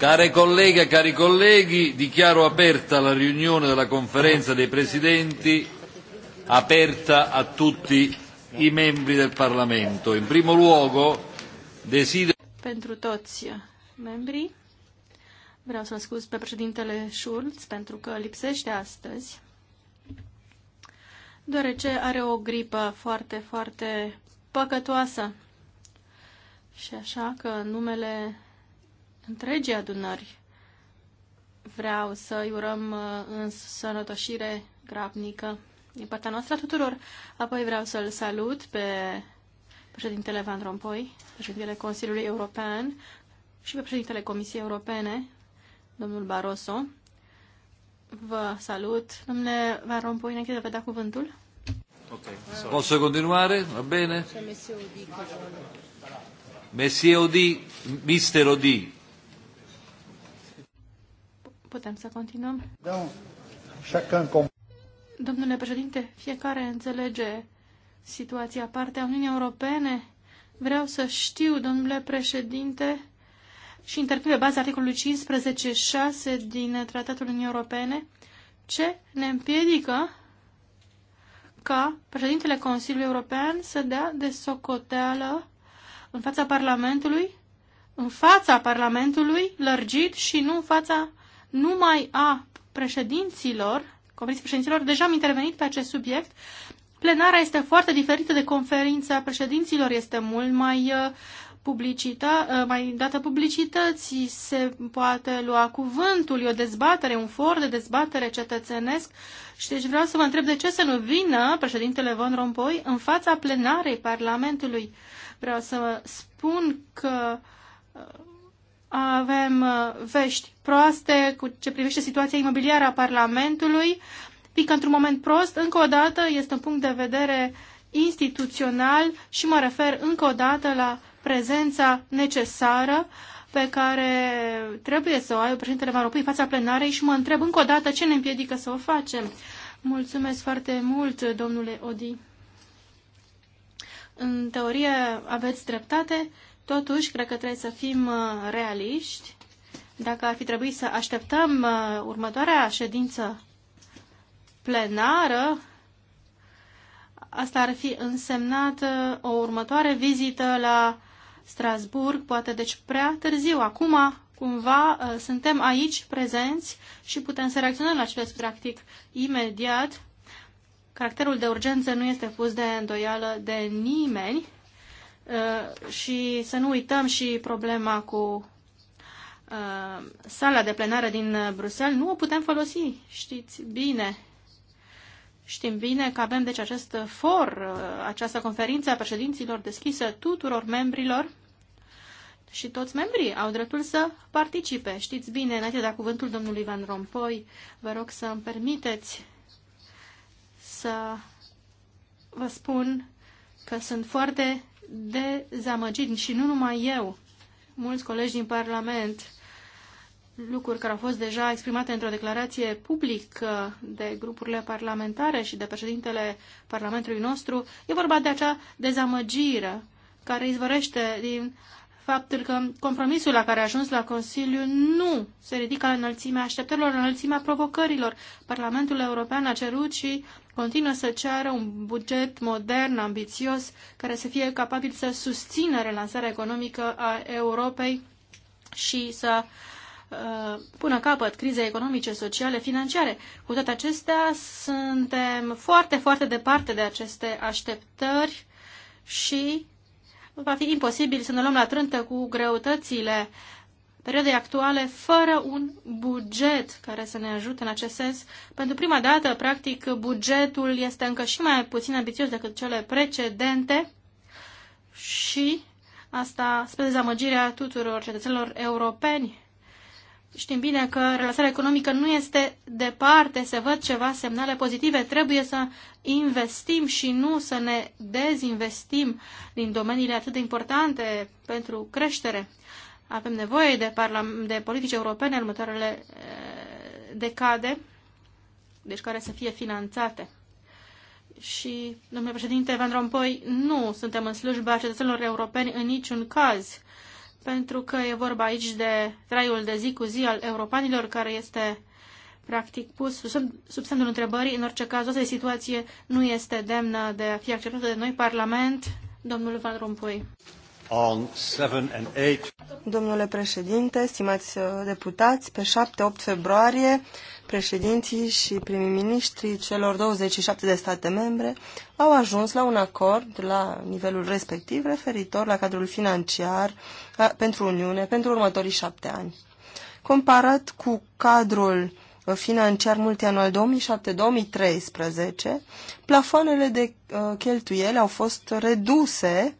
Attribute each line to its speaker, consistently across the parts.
Speaker 1: Care colleghe e cari colleghi, dichiaro aperta la riunione della conferenza dei presidenti, aperta a tutti i membri del Parlamento. In primo luogo desidero...
Speaker 2: Pentru toți membrii, vreau să-l scuz pe președintele Schulz pentru că lipsește astăzi, deoarece are o gripă foarte, foarte păcătoasă. Și așa că numele întregii adunări. Vreau să-i urăm uh, în sănătoșire grabnică din partea noastră a tuturor. Apoi vreau să-l salut pe președintele Van Rompuy, președintele Consiliului European și pe președintele Comisiei Europene, domnul Barroso. Vă salut. Domnule Van Rompuy, ne de a vă da cuvântul.
Speaker 1: Okay. Posso continuare? Va bene? Messie Odi, Mister Odi.
Speaker 2: Putem să continuăm? Da. Domnule președinte, fiecare înțelege situația partea a Uniunii Europene. Vreau să știu, domnule președinte, și intervin pe baza articolului 15.6 din Tratatul Uniunii Europene, ce ne împiedică ca președintele Consiliului European să dea de socoteală în fața Parlamentului, în fața Parlamentului lărgit și nu în fața numai a președinților, conferinței președinților, deja am intervenit pe acest subiect, plenara este foarte diferită de conferința președinților, este mult mai uh, publicită, uh, mai dată publicității, se poate lua cuvântul, e o dezbatere, un for de dezbatere cetățenesc și deci vreau să vă întreb de ce să nu vină președintele Von Rompuy în fața plenarei Parlamentului. Vreau să spun că uh, avem uh, vești proaste cu ce privește situația imobiliară a Parlamentului. Pică într-un moment prost, încă o dată, este un punct de vedere instituțional și mă refer încă o dată la prezența necesară pe care trebuie să o ai președintele Maropui fața plenarei și mă întreb încă o dată ce ne împiedică să o facem. Mulțumesc foarte mult, domnule Odi. În teorie aveți dreptate, Totuși, cred că trebuie să fim uh, realiști. Dacă ar fi trebuit să așteptăm uh, următoarea ședință plenară, asta ar fi însemnat uh, o următoare vizită la Strasburg, poate deci prea târziu. Acum, cumva, suntem aici prezenți și putem să reacționăm la acest practic imediat. Caracterul de urgență nu este pus de îndoială de nimeni Uh, și să nu uităm și problema cu uh, sala de plenară din uh, Bruxelles. Nu o putem folosi, știți bine. Știm bine că avem deci acest for, această conferință a președinților deschisă tuturor membrilor și toți membrii au dreptul să participe. Știți bine, înainte de a da cuvântul domnului Van Rompuy, vă rog să îmi permiteți să vă spun că sunt foarte dezamăgiri și nu numai eu, mulți colegi din Parlament, lucruri care au fost deja exprimate într-o declarație publică de grupurile parlamentare și de președintele Parlamentului nostru, e vorba de acea dezamăgire care izvorește din faptul că compromisul la care a ajuns la Consiliu nu se ridică la înălțimea așteptărilor, la înălțimea provocărilor. Parlamentul European a cerut și continuă să ceară un buget modern, ambițios, care să fie capabil să susțină relansarea economică a Europei și să uh, pună capăt crizei economice, sociale, financiare. Cu toate acestea, suntem foarte, foarte departe de aceste așteptări și va fi imposibil să ne luăm la trântă cu greutățile perioadei actuale fără un buget care să ne ajute în acest sens. Pentru prima dată, practic, bugetul este încă și mai puțin ambițios decât cele precedente și asta spre dezamăgirea tuturor cetățenilor europeni Știm bine că relansarea economică nu este departe, se văd ceva semnale pozitive. Trebuie să investim și nu să ne dezinvestim din domeniile atât de importante pentru creștere. Avem nevoie de, de politici europene în următoarele eh, decade, deci care să fie finanțate. Și, domnule președinte Van Rompuy, nu suntem în slujba cetățenilor europeni în niciun caz pentru că e vorba aici de traiul de zi cu zi al europanilor, care este practic pus sub, sub semnul întrebării. În orice caz, o situație nu este demnă de a fi acceptată de noi, Parlament, domnul Van Rompuy.
Speaker 1: On and
Speaker 3: Domnule președinte, stimați uh, deputați, pe 7-8 februarie președinții și prim-ministrii celor 27 de state membre au ajuns la un acord la nivelul respectiv referitor la cadrul financiar pentru Uniune pentru următorii șapte ani. Comparat cu cadrul uh, financiar multianual 2007-2013, plafoanele de uh, cheltuieli au fost reduse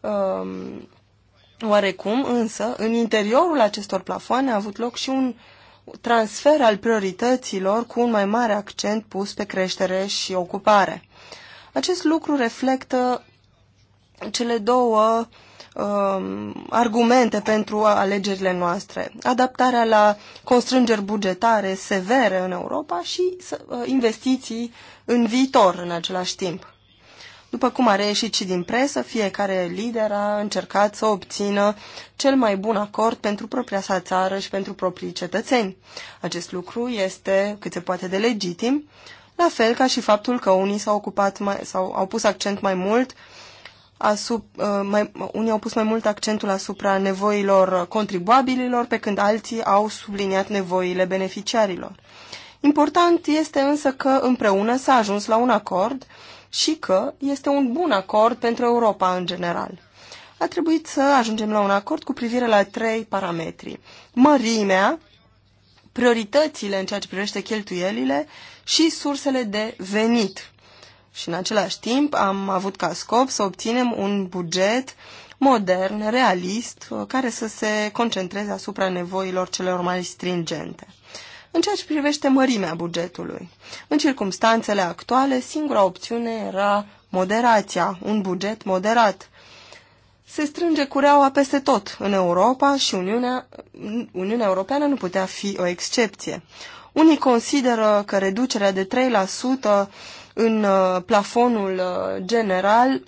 Speaker 3: um, oarecum, însă, în interiorul acestor plafoane a avut loc și un transfer al priorităților cu un mai mare accent pus pe creștere și ocupare. Acest lucru reflectă cele două uh, argumente pentru alegerile noastre. Adaptarea la constrângeri bugetare severe în Europa și uh, investiții în viitor în același timp. După cum a reieșit și din presă, fiecare lider a încercat să obțină cel mai bun acord pentru propria sa țară și pentru proprii cetățeni. Acest lucru este cât se poate de legitim, la fel ca și faptul că unii s-au ocupat mai, sau au pus accent mai mult asup, uh, mai, unii au pus mai mult accentul asupra nevoilor contribuabililor, pe când alții au subliniat nevoile beneficiarilor. Important este însă că împreună s-a ajuns la un acord și că este un bun acord pentru Europa în general. A trebuit să ajungem la un acord cu privire la trei parametri. Mărimea, prioritățile în ceea ce privește cheltuielile și sursele de venit. Și în același timp am avut ca scop să obținem un buget modern, realist, care să se concentreze asupra nevoilor celor mai stringente. În ceea ce privește mărimea bugetului, în circumstanțele actuale, singura opțiune era moderația, un buget moderat. Se strânge cureaua peste tot în Europa și Uniunea, Uniunea Europeană nu putea fi o excepție. Unii consideră că reducerea de 3% în uh, plafonul uh, general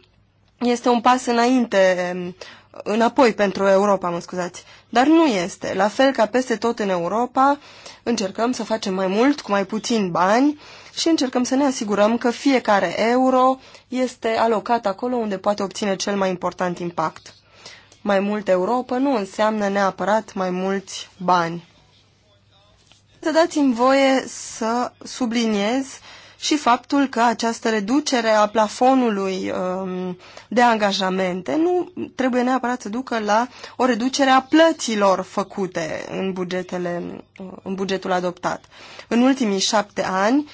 Speaker 3: este un pas înainte um, înapoi pentru Europa, mă scuzați. Dar nu este. La fel ca peste tot în Europa, încercăm să facem mai mult cu mai puțin bani și încercăm să ne asigurăm că fiecare euro este alocat acolo unde poate obține cel mai important impact. Mai mult Europa nu înseamnă neapărat mai mulți bani. Să dați-mi voie să subliniez și faptul că această reducere a plafonului um, de angajamente nu trebuie neapărat să ducă la o reducere a plăților făcute în, bugetele, uh, în bugetul adoptat. În ultimii șapte ani,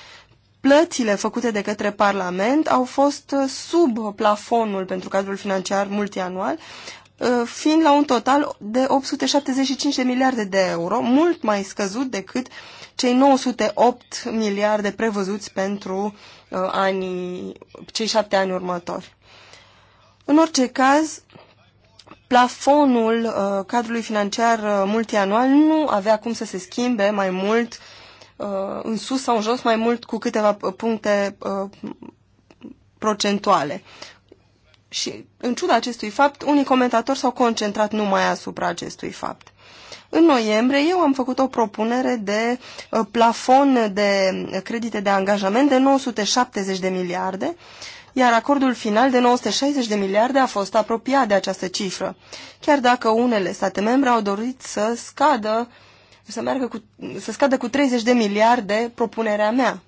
Speaker 3: plățile făcute de către Parlament au fost uh, sub plafonul pentru cadrul financiar multianual, uh, fiind la un total de 875 de miliarde de euro, mult mai scăzut decât cei 908 miliarde prevăzuți pentru uh, anii, cei șapte ani următori. În orice caz, plafonul uh, cadrului financiar uh, multianual nu avea cum să se schimbe mai mult uh, în sus sau în jos, mai mult cu câteva uh, puncte uh, procentuale. Și în ciuda acestui fapt, unii comentatori s-au concentrat numai asupra acestui fapt. În noiembrie eu am făcut o propunere de uh, plafon de credite de angajament de 970 de miliarde, iar acordul final de 960 de miliarde a fost apropiat de această cifră, chiar dacă unele state membre au dorit să scadă să, meargă cu, să scadă cu 30 de miliarde propunerea mea.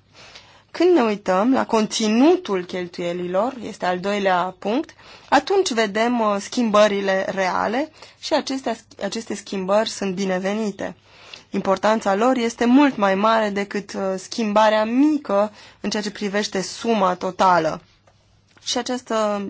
Speaker 3: Când ne uităm la conținutul cheltuielilor, este al doilea punct, atunci vedem uh, schimbările reale și aceste aceste schimbări sunt binevenite. Importanța lor este mult mai mare decât uh, schimbarea mică în ceea ce privește suma totală și această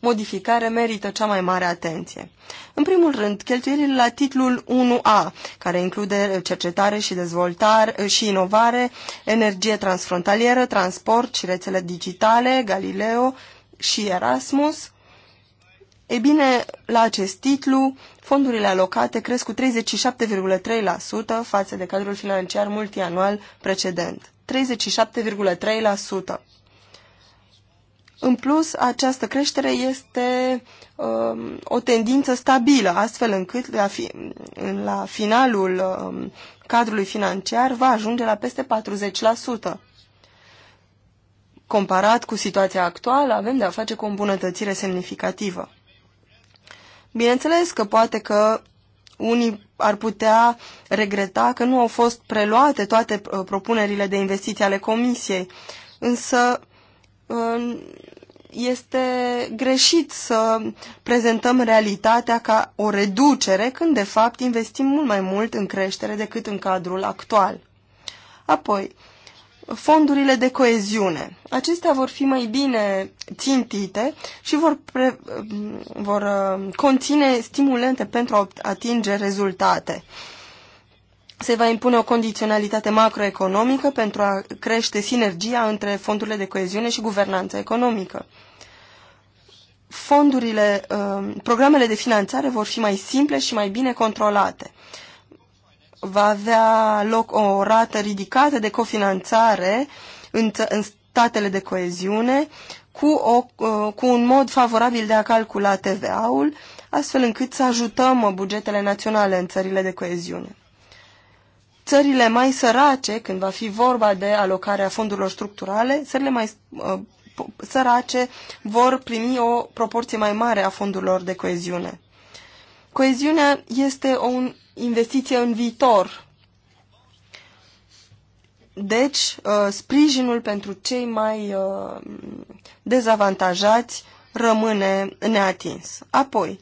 Speaker 3: modificare merită cea mai mare atenție. În primul rând, cheltuielile la titlul 1A, care include cercetare și dezvoltare și inovare, energie transfrontalieră, transport și rețele digitale, Galileo și Erasmus. E bine, la acest titlu, fondurile alocate cresc cu 37,3% față de cadrul financiar multianual precedent. 37,3%. În plus, această creștere este um, o tendință stabilă, astfel încât la, fi, la finalul um, cadrului financiar va ajunge la peste 40%. Comparat cu situația actuală, avem de-a face cu o îmbunătățire semnificativă. Bineînțeles că poate că unii ar putea regreta că nu au fost preluate toate uh, propunerile de investiții ale Comisiei, însă este greșit să prezentăm realitatea ca o reducere, când de fapt investim mult mai mult în creștere decât în cadrul actual. Apoi, fondurile de coeziune. Acestea vor fi mai bine țintite și vor, pre, vor uh, conține stimulente pentru a atinge rezultate. Uh, se va impune o condiționalitate macroeconomică pentru a crește sinergia între fondurile de coeziune și guvernanța economică. Fondurile, um, programele de finanțare vor fi mai simple și mai bine controlate. Va avea loc o rată ridicată de cofinanțare în, în statele de coeziune cu, o, uh, cu un mod favorabil de a calcula TVA-ul, astfel încât să ajutăm bugetele naționale în țările de coeziune țările mai sărace, când va fi vorba de alocarea fondurilor structurale, țările mai uh, sărace vor primi o proporție mai mare a fondurilor de coeziune. Coeziunea este o investiție în viitor. Deci, uh, sprijinul pentru cei mai uh, dezavantajați rămâne neatins. Apoi,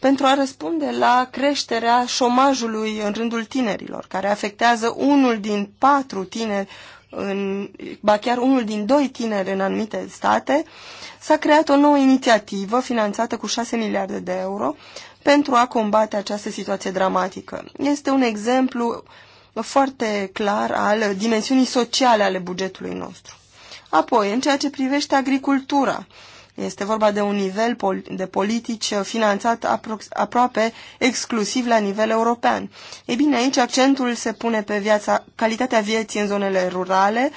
Speaker 3: pentru a răspunde la creșterea șomajului în rândul tinerilor, care afectează unul din patru tineri, în, ba chiar unul din doi tineri în anumite state, s-a creat o nouă inițiativă finanțată cu 6 miliarde de euro pentru a combate această situație dramatică. Este un exemplu foarte clar al dimensiunii sociale ale bugetului nostru. Apoi, în ceea ce privește agricultura, este vorba de un nivel de politici finanțat apro- aproape exclusiv la nivel european. Ei bine, aici accentul se pune pe viața, calitatea vieții în zonele rurale,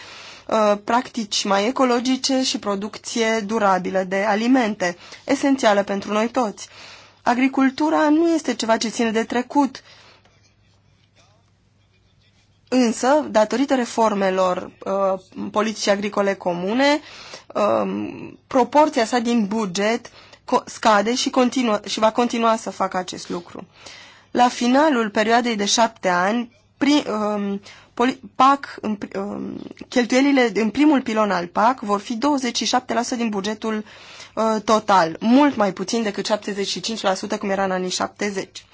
Speaker 3: ă, practici mai ecologice și producție durabilă de alimente, esențială pentru noi toți. Agricultura nu este ceva ce ține de trecut, Însă, datorită reformelor uh, politicii agricole comune, uh, proporția sa din buget scade și, continuă, și va continua să facă acest lucru. La finalul perioadei de șapte ani, prim, um, uh, PAC, în, uh, cheltuielile în primul pilon al PAC vor fi 27% din bugetul uh, total, mult mai puțin decât 75% cum era în anii 70.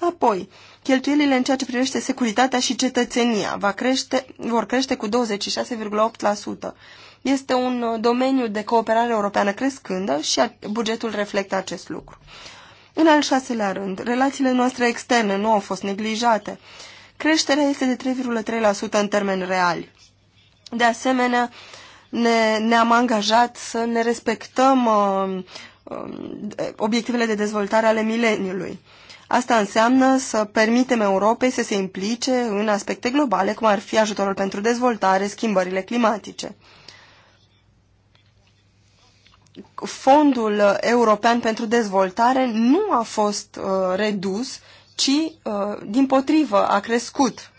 Speaker 3: Apoi, cheltuielile în ceea ce privește securitatea și cetățenia va crește, vor crește cu 26,8%. Este un uh, domeniu de cooperare europeană crescândă și bugetul reflectă acest lucru. În al șaselea rând, relațiile noastre externe nu au fost neglijate. Creșterea este de 3,3% în termeni reali. De asemenea, ne, ne-am angajat să ne respectăm uh, uh, obiectivele de dezvoltare ale mileniului. Asta înseamnă să permitem Europei să se implice în aspecte globale, cum ar fi ajutorul pentru dezvoltare, schimbările climatice. Fondul European pentru Dezvoltare nu a fost uh, redus, ci, uh, din potrivă, a crescut.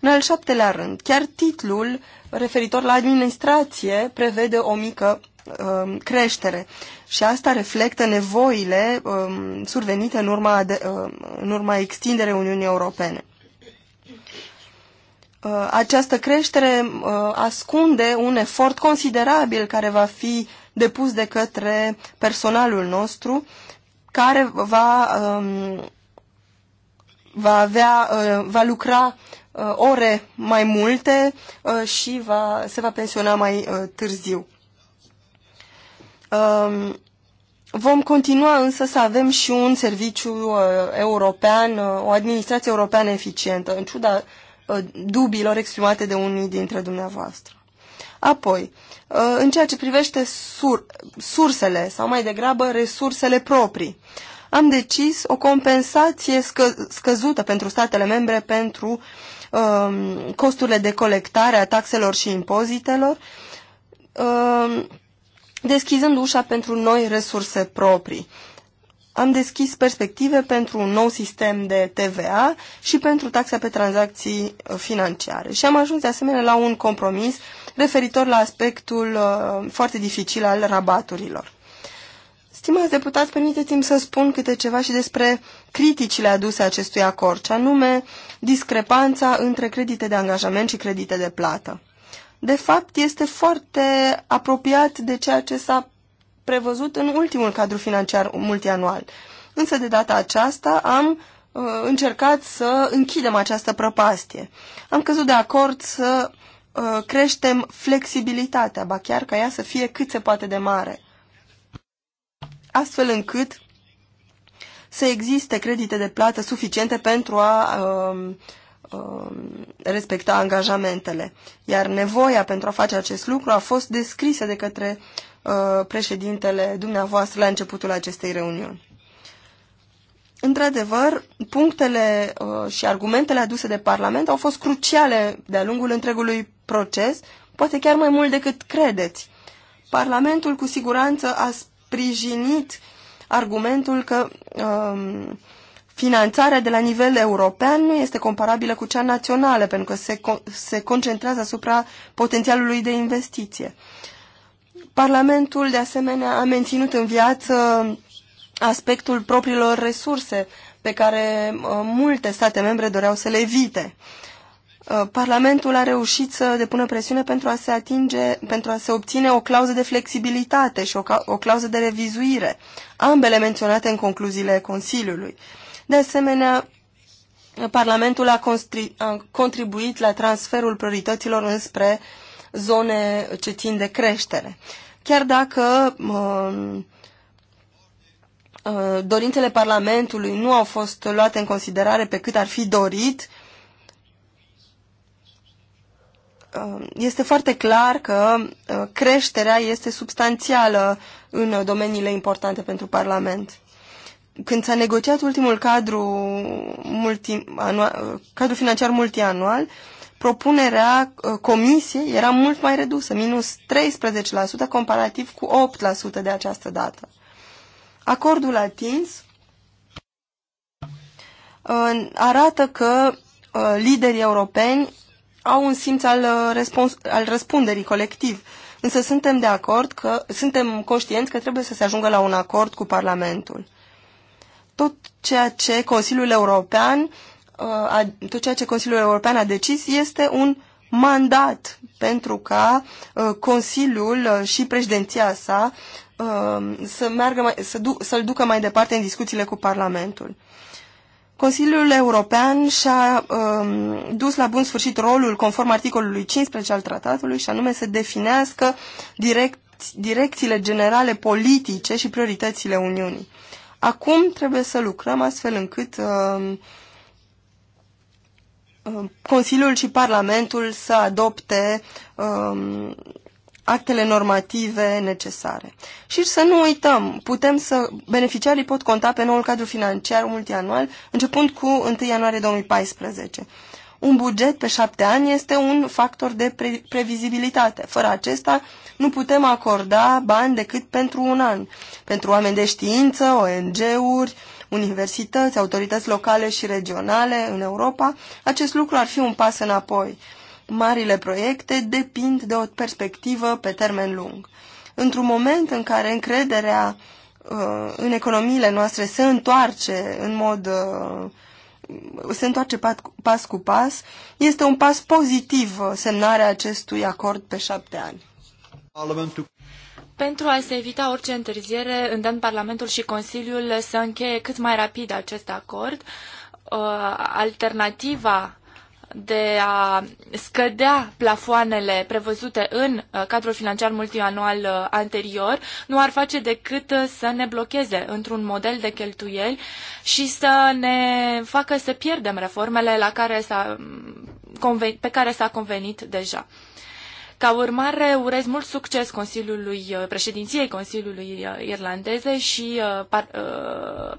Speaker 3: În al șaptelea rând, chiar titlul referitor la administrație prevede o mică Um, creștere și asta reflectă nevoile um, survenite în urma, de, um, în urma extinderei Uniunii Europene. Uh, această creștere uh, ascunde un efort considerabil care va fi depus de către personalul nostru, care va, va, avea, uh, va lucra ore mai multe și va, se va pensiona mai târziu. Um, vom continua însă să avem și un serviciu uh, european, uh, o administrație europeană eficientă, în ciuda uh, exprimate de unii dintre dumneavoastră. Apoi, uh, în ceea ce privește sur sursele, sau mai degrabă resursele proprii, am decis o compensație scă scăzută pentru statele membre pentru um, costurile de colectare a taxelor și impozitelor, um, deschizând ușa pentru noi resurse proprii. Am deschis perspective pentru un nou sistem de TVA și pentru taxa pe tranzacții uh, financiare. Și am ajuns de asemenea la un compromis referitor la aspectul uh, foarte dificil al rabaturilor. Stimați deputați, permiteți-mi să spun câte ceva și despre criticile aduse acestui acord, ce anume discrepanța între credite de angajament și credite de plată de fapt, este foarte apropiat de ceea ce s-a prevăzut în ultimul cadru financiar multianual. Însă, de data aceasta, am uh, încercat să închidem această prăpastie. Am căzut de acord să uh, creștem flexibilitatea, ba chiar ca ea să fie cât se poate de mare. Astfel încât să existe credite de plată suficiente pentru a uh, Um, respecta angajamentele. Iar nevoia pentru a face acest lucru a fost descrisă de către uh, președintele dumneavoastră la începutul acestei reuniuni. Într-adevăr, punctele uh, și argumentele aduse de Parlament au fost cruciale de-a lungul întregului proces, poate chiar mai mult decât credeți. Parlamentul cu siguranță a sprijinit argumentul că uh, finanțarea de la nivel european nu este comparabilă cu cea națională, pentru că se, se concentrează asupra potențialului de investiție. Parlamentul, de asemenea, a menținut în viață aspectul propriilor resurse pe care uh, multe state membre doreau să le evite. Uh, Parlamentul a reușit să depună presiune pentru a se atinge, pentru a se obține o clauză de flexibilitate și o, o clauză de revizuire, ambele menționate în concluziile Consiliului. De asemenea, Parlamentul a, a contribuit la transferul priorităților înspre zone ce țin de creștere. Chiar dacă uh, uh, dorințele Parlamentului nu au fost luate în considerare pe cât ar fi dorit, um, este foarte clar că uh, creșterea este substanțială în domeniile importante pentru Parlament când s-a negociat ultimul cadru, multi, anual, cadru financiar multianual, propunerea ă, comisiei era mult mai redusă, minus 13% comparativ cu 8% de această dată. Acordul atins ă, arată că ă, liderii europeni au un simț al, răspuns, al răspunderii colectiv, însă suntem de acord că suntem conștienți că trebuie să se ajungă la un acord cu Parlamentul tot ceea ce Consiliul European uh, a, tot ceea ce Consiliul European a decis este un mandat pentru ca uh, Consiliul uh, și președinția sa să meargă mai, să du- să-l ducă mai departe în discuțiile cu Parlamentul. Consiliul European și-a um, dus la bun sfârșit rolul conform articolului 15 al tratatului și anume să definească direct, direcțiile generale politice și prioritățile Uniunii. Acum trebuie să lucrăm astfel încât uh, Consiliul și Parlamentul să adopte uh, actele normative necesare. Și să nu uităm, putem să, beneficiarii pot conta pe noul cadru financiar multianual începând cu 1 ianuarie 2014 un buget pe șapte ani este un factor de pre previzibilitate. Fără acesta nu putem acorda bani decât pentru un an. Pentru oameni de știință, ONG-uri, universități, autorități locale și regionale în Europa, acest lucru ar fi un pas înapoi. Marile proiecte depind de o perspectivă pe termen lung. Într-un moment în care încrederea uh, în economiile noastre se întoarce în mod uh, se întoarce pas cu pas. Este un pas pozitiv uh, semnarea acestui acord pe șapte ani. Parlamentul.
Speaker 4: Pentru a se evita orice întârziere, îndemn Parlamentul și Consiliul să încheie cât mai rapid acest acord. Uh, alternativa de a scădea plafoanele prevăzute în uh, cadrul financiar multianual uh, anterior nu ar face decât uh, să ne blocheze într-un model de cheltuieli și să ne facă să pierdem reformele la care s-a, mm, pe care s-a convenit deja. Ca urmare, urez mult succes Consiliului, uh, președinției Consiliului uh, Irlandeze și uh, par,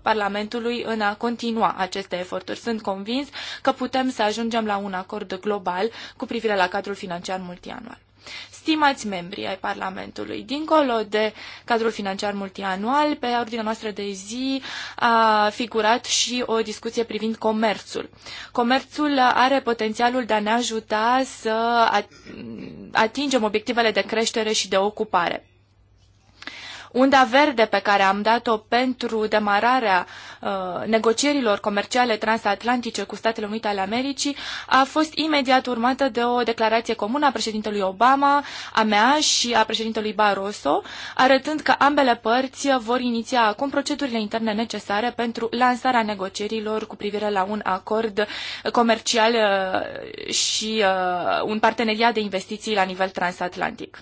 Speaker 4: Parlamentului în a continua aceste eforturi. Sunt convins că putem să ajungem la un acord global cu privire la cadrul financiar multianual stimați membri ai Parlamentului, dincolo de cadrul financiar multianual, pe ordinea noastră de zi a figurat și o discuție privind comerțul. Comerțul are potențialul de a ne ajuta să atingem obiectivele de creștere și de ocupare. Unda verde pe care am dat-o pentru demararea uh, negocierilor comerciale transatlantice cu Statele Unite ale Americii a fost imediat urmată de o declarație comună a președintelui Obama, a mea și a președintelui Barroso, arătând că ambele părți vor iniția acum procedurile interne necesare pentru lansarea negocierilor cu privire la un acord comercial uh, și uh, un parteneriat de investiții la nivel transatlantic.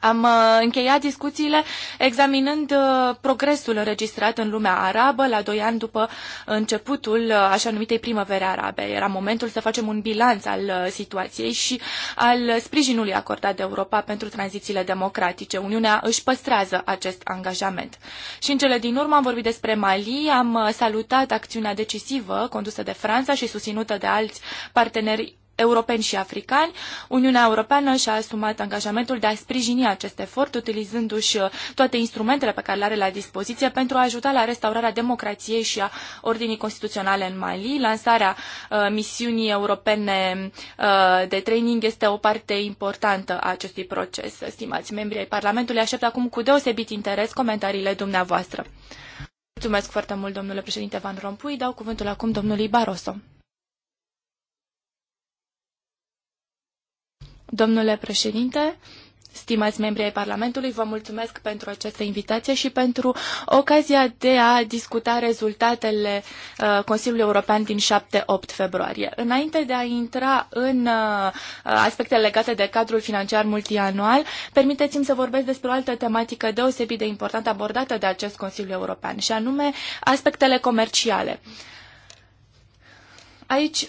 Speaker 4: Am uh, încheiat discuțiile examinând uh, progresul înregistrat în lumea arabă la doi ani după începutul uh, așa numitei primăvere arabe. Era momentul să facem un bilanț al situației și al sprijinului acordat de Europa pentru tranzițiile democratice. Uniunea își păstrează acest angajament. Și în cele din urmă am vorbit despre Mali, am salutat acțiunea decisivă condusă de Franța și susținută de alți parteneri europeni și africani. Uniunea Europeană și-a asumat angajamentul de a sprijini acest efort, utilizându-și uh, toate instrumentele pe care le are la dispoziție pentru a ajuta la restaurarea democrației și a ordinii constituționale în Mali. Lansarea uh, misiunii europene uh, de training este o parte importantă a acestui proces. Stimați membri ai Parlamentului, aștept acum cu deosebit interes comentariile dumneavoastră. Mulțumesc foarte mult, domnule președinte Van Rompuy. Dau cuvântul acum domnului Barroso. Domnule președinte, Stimați membri ai Parlamentului, vă mulțumesc pentru această invitație și pentru ocazia de a discuta rezultatele uh, Consiliului European din 7-8 februarie. Înainte de a intra în uh, aspectele legate de cadrul financiar multianual, permiteți-mi să vorbesc despre o altă tematică deosebit de importantă abordată de acest Consiliu European, și anume aspectele comerciale. Aici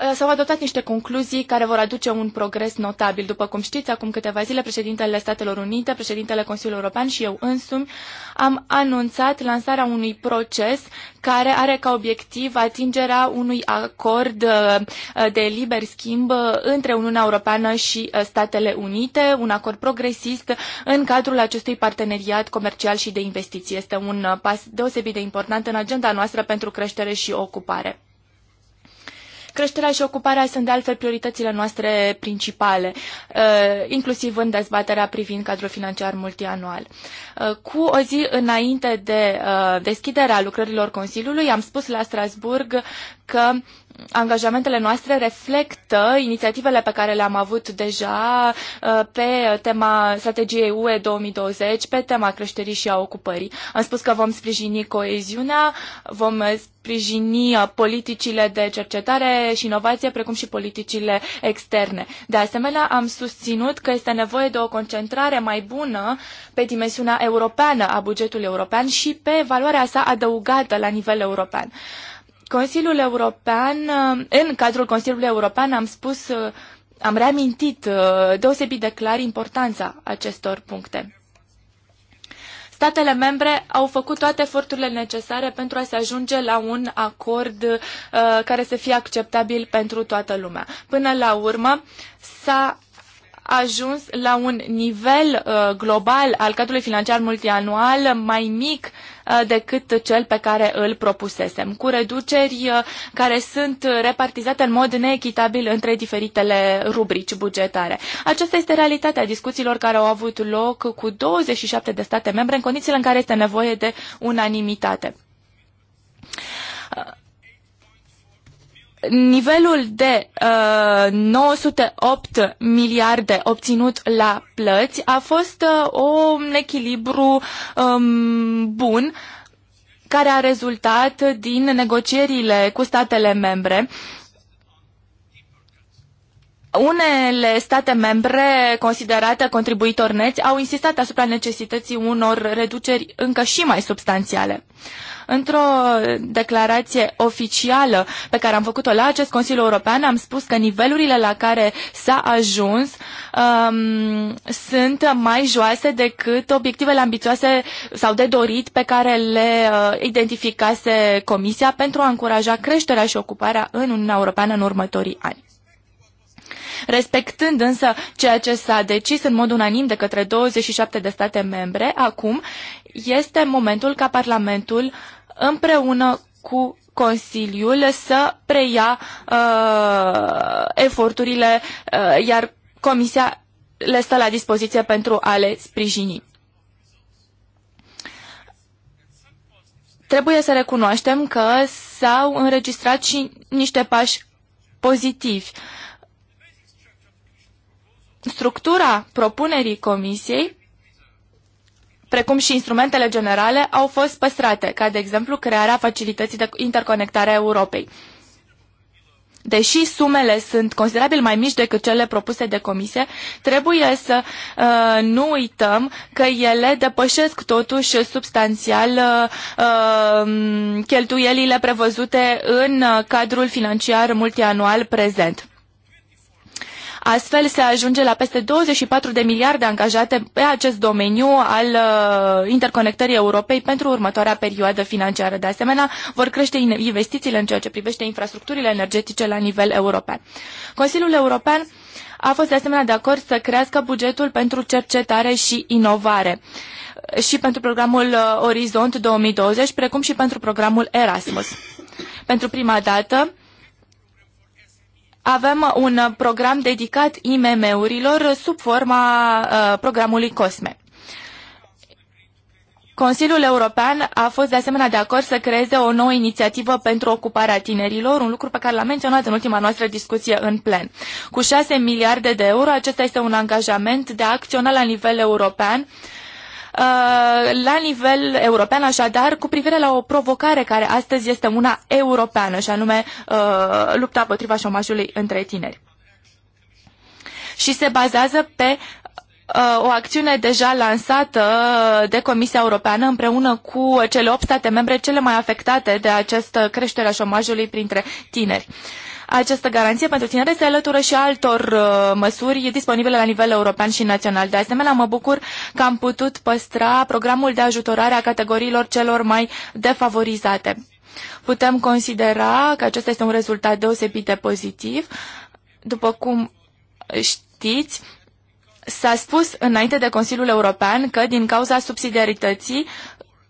Speaker 4: Uh, s-au adoptat niște concluzii care vor aduce un progres notabil. După cum știți, acum câteva zile președintele Statelor Unite, președintele Consiliului European și eu însumi am anunțat lansarea unui proces care are ca obiectiv atingerea unui acord uh, uh, de liber schimb între Uniunea Europeană și Statele Unite, un acord progresist în cadrul acestui parteneriat comercial și de investiții. Este un pas deosebit de important în agenda noastră pentru creștere și ocupare. Creșterea și ocuparea sunt de altfel prioritățile noastre principale, uh, inclusiv în dezbaterea privind cadrul financiar multianual. Uh, cu o zi înainte de uh, deschiderea lucrărilor Consiliului, am spus la Strasburg că angajamentele noastre reflectă inițiativele pe care le-am avut deja uh, pe tema strategiei UE 2020, pe tema creșterii și a ocupării. Am spus că vom sprijini coeziunea, vom sprijini uh, politicile de cercetare și inovație, precum și politicile externe. De asemenea, am susținut că este nevoie de o concentrare mai bună pe dimensiunea europeană a bugetului european și pe valoarea sa adăugată la nivel european. Consiliul European, uh, în cadrul Consiliului European am spus, uh, am reamintit uh, deosebit de clar importanța acestor puncte. Statele membre au făcut toate eforturile necesare pentru a se ajunge la un acord uh, care să fie acceptabil pentru toată lumea. Până la urmă s-a ajuns la un nivel uh, global al cadrului financiar multianual mai mic uh, decât cel pe care îl propusesem, cu reduceri uh, care sunt repartizate în mod neechitabil între diferitele rubrici bugetare. Aceasta este realitatea discuțiilor care au avut loc cu 27 de state membre în condițiile în care este nevoie de unanimitate. Uh, nivelul de uh, 908 miliarde obținut la plăți a fost uh, un echilibru um, bun care a rezultat din negocierile cu statele membre unele state membre considerate contribuitori neți au insistat asupra necesității unor reduceri încă și mai substanțiale. Într-o declarație oficială pe care am făcut-o la acest Consiliu European, am spus că nivelurile la care s-a ajuns um, sunt mai joase decât obiectivele ambițioase sau de dorit pe care le uh, identificase Comisia pentru a încuraja creșterea și ocuparea în Uniunea Europeană în următorii ani respectând însă ceea ce s-a decis în mod unanim de către 27 de state membre, acum este momentul ca Parlamentul împreună cu Consiliul să preia uh, eforturile, uh, iar Comisia le stă la dispoziție pentru a le sprijini. Trebuie să recunoaștem că s-au înregistrat și niște pași pozitivi. Uh, structura propunerii comisiei, precum și instrumentele generale, au fost păstrate, ca de exemplu crearea facilității de interconectare a Europei. Deși sumele sunt considerabil mai mici decât cele propuse de comisie, trebuie să uh, nu uităm că ele depășesc totuși substanțial uh, cheltuielile prevăzute în uh, cadrul financiar multianual prezent. Astfel se ajunge la peste 24 de miliarde angajate pe acest domeniu al uh, interconectării Europei pentru următoarea perioadă financiară. De asemenea, vor crește investițiile în ceea ce privește infrastructurile energetice la nivel european. Consiliul European a fost de asemenea de acord să crească bugetul pentru cercetare și inovare și pentru programul uh, Orizont 2020, precum și pentru programul Erasmus. Pentru prima dată, avem un program dedicat IMM-urilor sub forma uh, programului COSME. Consiliul European a fost de asemenea de acord să creeze o nouă inițiativă pentru ocuparea tinerilor, un lucru pe care l-am menționat în ultima noastră discuție în plen. Cu 6 miliarde de euro, acesta este un angajament de a acționa la nivel european uh, Uh, la nivel european, așadar, cu privire la o provocare care astăzi este una europeană, și anume uh, lupta împotriva șomajului între tineri. Și se bazează pe uh, o acțiune deja lansată de Comisia Europeană împreună cu cele 8 state membre cele mai afectate de această creștere a șomajului printre tineri. Uh, această garanție pentru tineri se alătură și altor uh, măsuri disponibile la nivel european și național. De asemenea, mă bucur că am putut păstra programul de ajutorare a categoriilor celor mai defavorizate. Putem considera că acesta este un rezultat deosebit de pozitiv. După cum știți, S-a spus înainte de Consiliul European că din cauza subsidiarității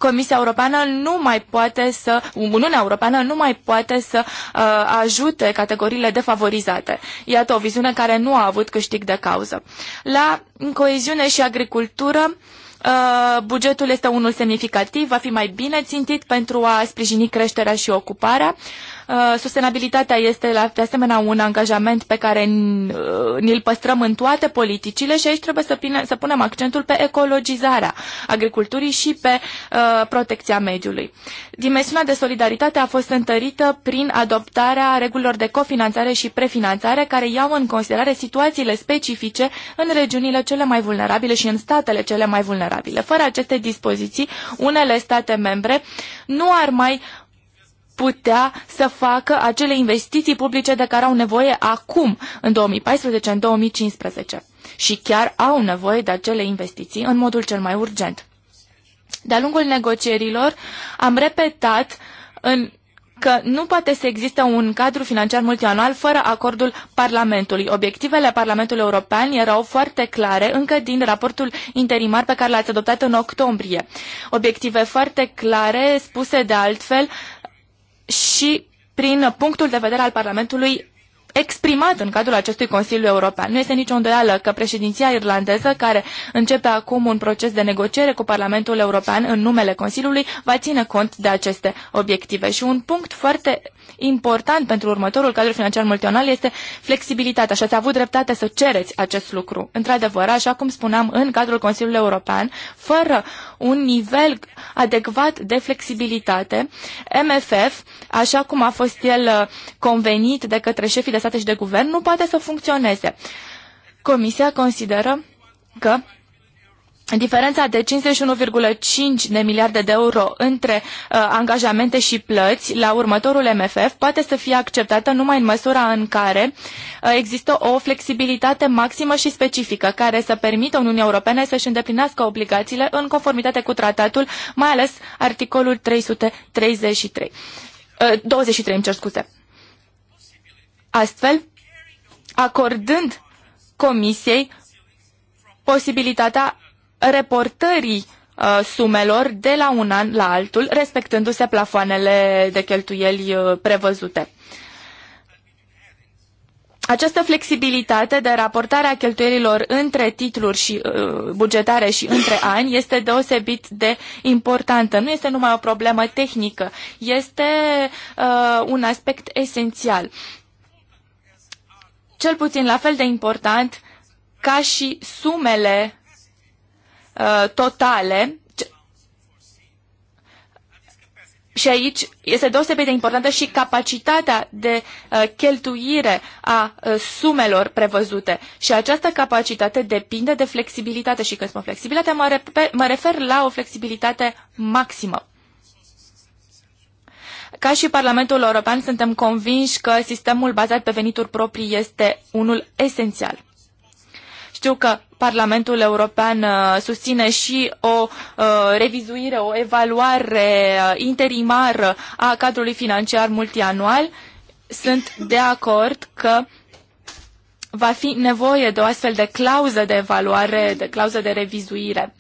Speaker 4: Comisia Europeană nu mai poate să, Uniunea Europeană nu mai poate să uh, ajute categoriile defavorizate. Iată o viziune care nu a avut câștig de cauză. La coeziune și agricultură, Uh, bugetul este unul semnificativ, va fi mai bine țintit pentru a sprijini creșterea și ocuparea. Uh, Uh, sustenabilitatea este la, de asemenea un angajament pe care uh, ni-l păstrăm în toate politicile și aici trebuie să, pine, să punem accentul pe ecologizarea agriculturii și pe uh, protecția mediului. Dimensiunea de solidaritate a fost întărită prin adoptarea regulilor de cofinanțare și prefinanțare care iau în considerare situațiile specifice în regiunile cele mai vulnerabile și în statele cele mai vulnerabile. Fără aceste dispoziții, unele state membre nu ar mai putea să facă acele investiții publice de care au nevoie acum, în 2014, în 2015. Și chiar au nevoie de acele investiții în modul cel mai urgent. De-a lungul negocierilor am repetat în că nu poate să existe un cadru financiar multianual fără acordul Parlamentului. Obiectivele Parlamentului European erau foarte clare încă din raportul interimar pe care l-ați adoptat în octombrie. Obiective foarte clare, spuse de altfel, uh, și prin punctul de vedere al Parlamentului exprimat în cadrul acestui Consiliu European. Nu este nicio îndoială că președinția irlandeză, care începe acum un proces de negociere cu Parlamentul European în numele Consiliului, va ține cont de aceste obiective. Și un punct foarte important pentru următorul cadru financiar multional este flexibilitatea și ați avut dreptate să cereți acest lucru. Într-adevăr, așa cum spuneam, în cadrul Consiliului European, fără un nivel adecvat de flexibilitate. MFF, așa cum a fost el uh, convenit de către șefii de state și de guvern, nu poate să funcționeze. Comisia consideră că Diferența de 51,5 de miliarde de euro între uh, angajamente și plăți la următorul MFF poate să fie acceptată numai în măsura în care uh, există o flexibilitate maximă și specifică care să permită Uniunii Europene să-și îndeplinească obligațiile în conformitate cu tratatul, mai ales articolul 333. Uh, 23, îmi cer scuze. Astfel, acordând Comisiei posibilitatea reportării uh, sumelor de la un an la altul, respectându-se plafoanele de cheltuieli uh, prevăzute. Această flexibilitate de raportare a cheltuielilor între titluri și uh, bugetare și între ani este deosebit de importantă. Nu este numai o problemă tehnică, este uh, un aspect esențial. Cel puțin la fel de important ca și sumele Uh, totale. Și aici este deosebit de importantă și capacitatea de uh, cheltuire a uh, sumelor prevăzute. Și această capacitate depinde de flexibilitate. Și când spun flexibilitate, mă, refer, mă refer la o flexibilitate maximă. Ca și Parlamentul European, suntem convinși că sistemul bazat pe venituri proprii este unul esențial. Știu că Parlamentul European uh, susține și o uh, revizuire, o evaluare uh, interimară a cadrului financiar multianual. Sunt de acord că va fi nevoie de o astfel de clauză de evaluare, de clauză de revizuire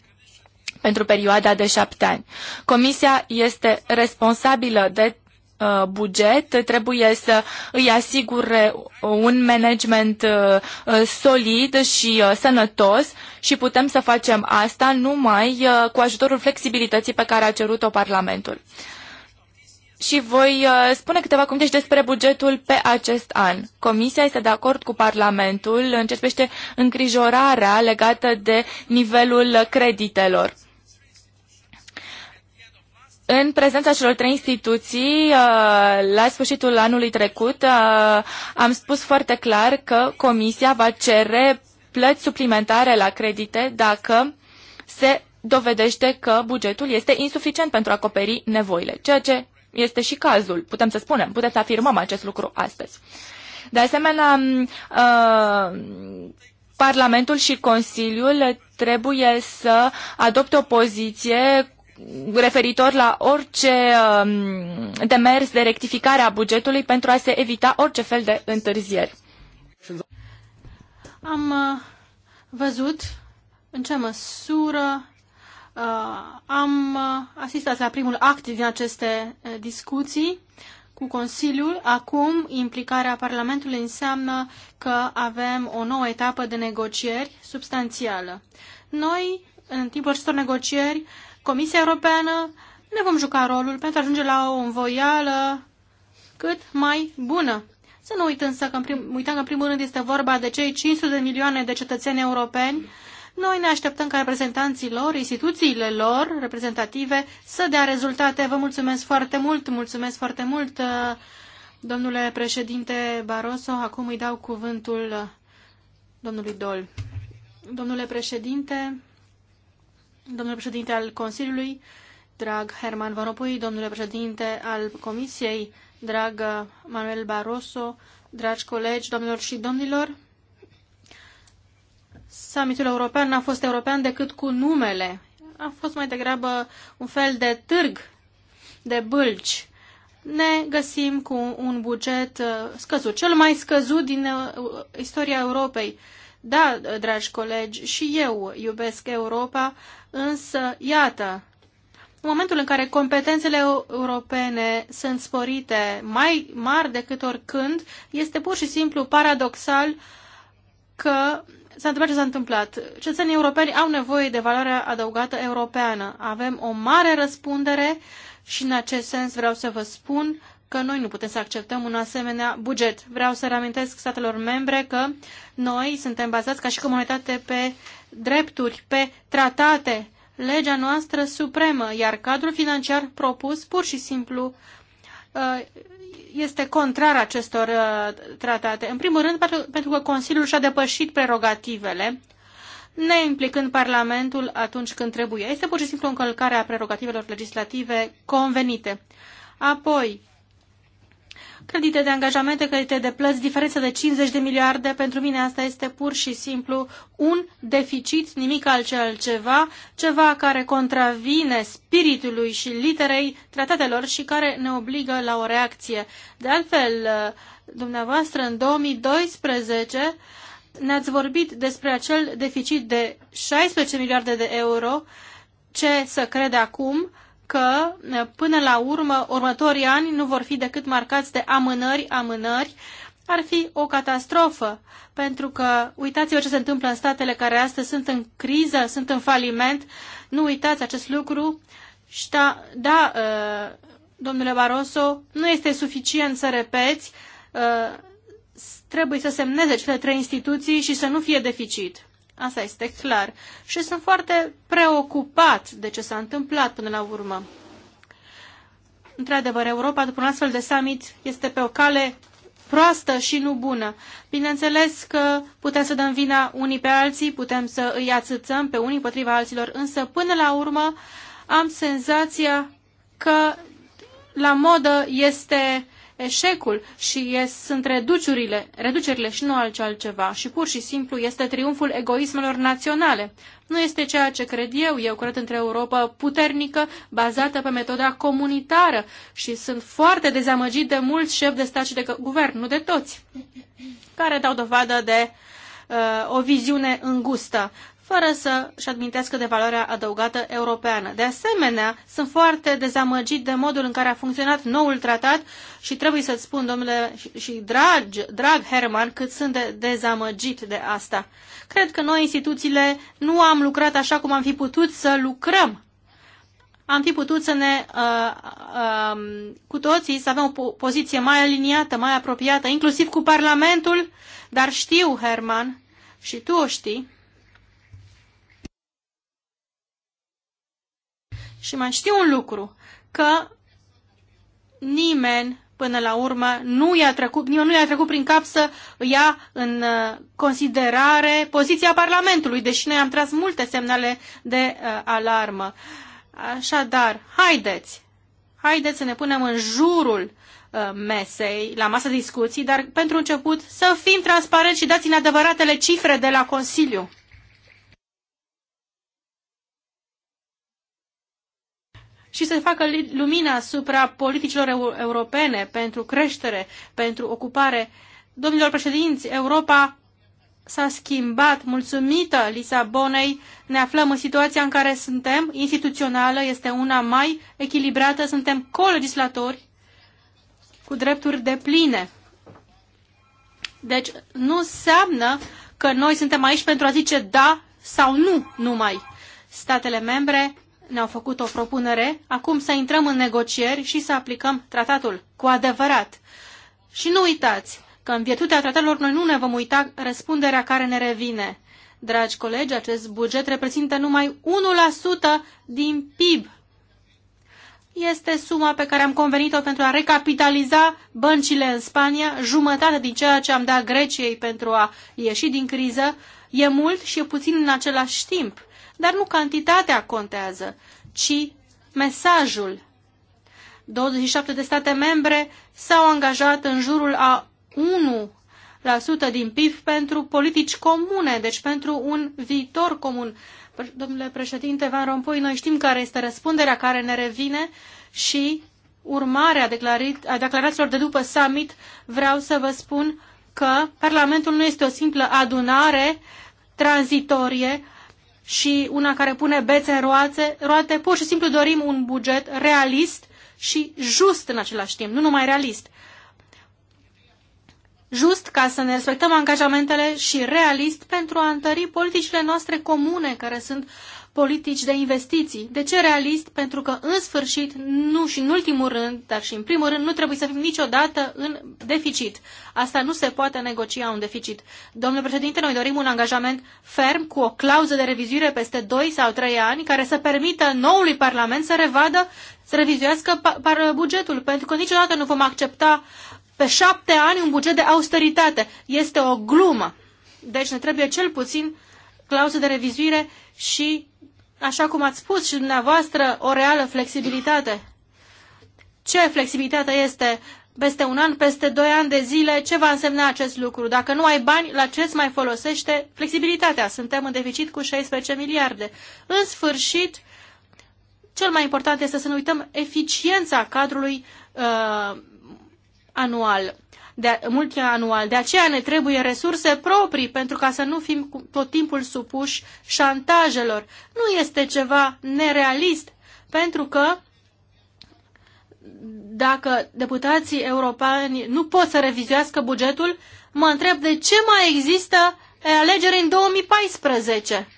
Speaker 4: pentru perioada de șapte ani. Comisia este responsabilă de Uh, buget, trebuie să îi asigure un management uh, uh, solid și sănătos și putem să facem asta numai cu ajutorul flexibilității pe care a cerut-o Parlamentul. Și voi spune câteva cuvinte și despre bugetul pe acest an. Comisia este de acord cu Parlamentul în ce privește îngrijorarea legată de nivelul creditelor în prezența celor trei instituții, uh, la sfârșitul anului trecut, uh, am spus foarte clar că Comisia va cere plăți suplimentare la credite dacă se dovedește că bugetul este insuficient pentru a acoperi nevoile, ceea ce este și cazul, putem să spunem, putem să afirmăm acest lucru astăzi. De asemenea, mm, uh, Parlamentul și Consiliul trebuie să adopte o poziție referitor la orice um, demers de rectificare a bugetului pentru a se evita orice fel de întârzieri.
Speaker 2: Am uh, văzut în ce măsură uh, am uh, asistat la primul act din aceste discuții cu Consiliul. Acum, implicarea Parlamentului înseamnă că avem o nouă etapă de negocieri substanțială. Noi, în timpul acestor negocieri, Comisia Europeană, ne vom juca rolul pentru a ajunge la o învoială cât mai bună. Să nu uităm însă că în prim, uităm că în primul rând este vorba de cei 500 de milioane de cetățeni europeni. Noi ne așteptăm ca reprezentanții lor, instituțiile lor reprezentative să dea rezultate. Vă mulțumesc foarte mult, mulțumesc foarte mult, uh, domnule președinte Barroso. Acum îi dau cuvântul uh, domnului Dol. Domnule președinte, domnule președinte al Consiliului, drag Herman Van Rompuy, domnule președinte al Comisiei, drag Manuel Barroso, dragi colegi, domnilor și domnilor, summitul european n-a fost european decât cu numele. A fost mai degrabă un fel de târg de bâlci. Ne găsim cu un buget uh, scăzut, cel mai scăzut din uh, istoria Europei. Da, dragi colegi, și eu iubesc Europa, Însă, iată, în momentul în care competențele europene sunt sporite mai mari decât oricând, este pur și simplu paradoxal că s-a întâmplat ce s-a întâmplat. Cetățenii europeni au nevoie de valoarea adăugată europeană. Avem o mare răspundere și în acest sens vreau să vă spun că noi nu putem să acceptăm un asemenea buget. Vreau să reamintesc statelor membre că noi suntem bazați ca și comunitate pe drepturi, pe tratate, legea noastră supremă, iar cadrul financiar propus pur și simplu este contrar acestor uh, tratate. În primul rând, pentru că Consiliul și-a depășit prerogativele, neimplicând Parlamentul atunci când trebuie. Este pur și simplu o încălcare a prerogativelor legislative convenite. Apoi, credite de angajamente, credite de plăți, diferență de 50 de miliarde, pentru mine asta este pur și simplu un deficit, nimic altceva, ceva care contravine spiritului și literei tratatelor și care ne obligă la o reacție. De altfel, dumneavoastră, în 2012 ne-ați vorbit despre acel deficit de 16 miliarde de euro, ce să crede acum, că până la urmă următorii ani nu vor fi decât marcați de amânări, amânări, ar fi o catastrofă, pentru că uitați-vă ce se întâmplă în statele care astăzi sunt în criză, sunt în faliment, nu uitați acest lucru. da, da uh, domnule Barroso, nu este suficient să repeți, uh, trebuie să semneze cele trei instituții și să nu fie deficit. Asta este clar. Și sunt foarte preocupat de ce s-a întâmplat până la urmă. Într-adevăr, Europa, după un astfel de summit, este pe o cale proastă și nu bună. Bineînțeles că putem să dăm vina unii pe alții, putem să îi ațățăm pe unii împotriva alților, însă până la urmă am senzația că la modă este eșecul și e, sunt reducerile, reducerile și nu altceva și pur și simplu este triumful egoismelor naționale. Nu este ceea ce cred eu, eu cred într-o Europa puternică, bazată pe metoda comunitară și sunt foarte dezamăgit de mulți șefi de stat și de guvern, nu de toți, care dau dovadă de uh, o viziune îngustă fără să-și admintească de valoarea adăugată europeană. De asemenea, sunt foarte dezamăgit de modul în care a funcționat noul tratat și trebuie să-ți spun, domnule și drag, drag Herman, cât sunt de dezamăgit de asta. Cred că noi, instituțiile, nu am lucrat așa cum am fi putut să lucrăm. Am fi putut să ne, uh, uh, cu toții, să avem o poziție mai aliniată, mai apropiată, inclusiv cu Parlamentul, dar știu, Herman, și tu o știi, Și mai știu un lucru, că nimeni până la urmă nu i-a trecut, nu i-a trecut prin cap să ia în uh, considerare poziția Parlamentului, deși noi am tras multe semnale de uh, alarmă. Așadar, haideți, haideți să ne punem în jurul uh, mesei, la masă de discuții, dar pentru început să fim transparenți și dați-ne adevăratele cifre de la Consiliu. și să facă lumina asupra politicilor europene pentru creștere, pentru ocupare. Domnilor președinți, Europa s-a schimbat. Mulțumită Lisabonei, ne aflăm în situația în care suntem, instituțională, este una mai echilibrată, suntem colegislatori cu drepturi de pline. Deci nu înseamnă că noi suntem aici pentru a zice da sau nu numai. Statele membre ne-au făcut o propunere acum să intrăm în negocieri și să aplicăm tratatul cu adevărat. Și nu uitați că în virtutea tratatelor noi nu ne vom uita răspunderea care ne revine. Dragi colegi, acest buget reprezintă numai 1% din PIB. Este suma pe care am convenit-o pentru a recapitaliza băncile în Spania, jumătate din ceea ce am dat Greciei pentru a ieși din criză. E mult și e puțin în același timp. Dar nu cantitatea contează, ci mesajul. 27 de state membre s-au angajat în jurul a 1% din PIB pentru politici comune, deci pentru un viitor comun. Domnule președinte Van Rompuy, noi știm care este răspunderea care ne revine și urmarea a declarațiilor de după summit, vreau să vă spun că Parlamentul nu este o simplă adunare tranzitorie și una care pune bețe în roate, roate, pur și simplu dorim un buget realist și just în același timp, nu numai realist. Just ca să ne respectăm angajamentele și realist pentru a întări politicile noastre comune, care sunt politici de investiții. De ce realist? Pentru că, în sfârșit, nu și în ultimul rând, dar și în primul rând, nu trebuie să fim niciodată în deficit. Asta nu se poate negocia un deficit. Domnule președinte, noi dorim un angajament ferm cu o clauză de revizuire peste 2 sau 3 ani care să permită noului Parlament să revadă, să revizuiască bugetul, pentru că niciodată nu vom accepta pe șapte ani un buget de austeritate. Este o glumă. Deci ne trebuie cel puțin clauză de revizuire și așa cum ați spus și dumneavoastră, o reală flexibilitate. Ce flexibilitate este peste un an, peste doi ani de zile? Ce va însemna acest lucru? Dacă nu ai bani, la ce îți mai folosește flexibilitatea? Suntem în deficit cu 16 miliarde. În sfârșit, cel mai important este să ne uităm eficiența cadrului uh, anual de, multianual. De aceea ne trebuie resurse proprii pentru ca să nu fim tot timpul supuși șantajelor. Nu este ceva nerealist, pentru că dacă deputații europeni nu pot să revizuiască bugetul, mă întreb de ce mai există alegeri în 2014.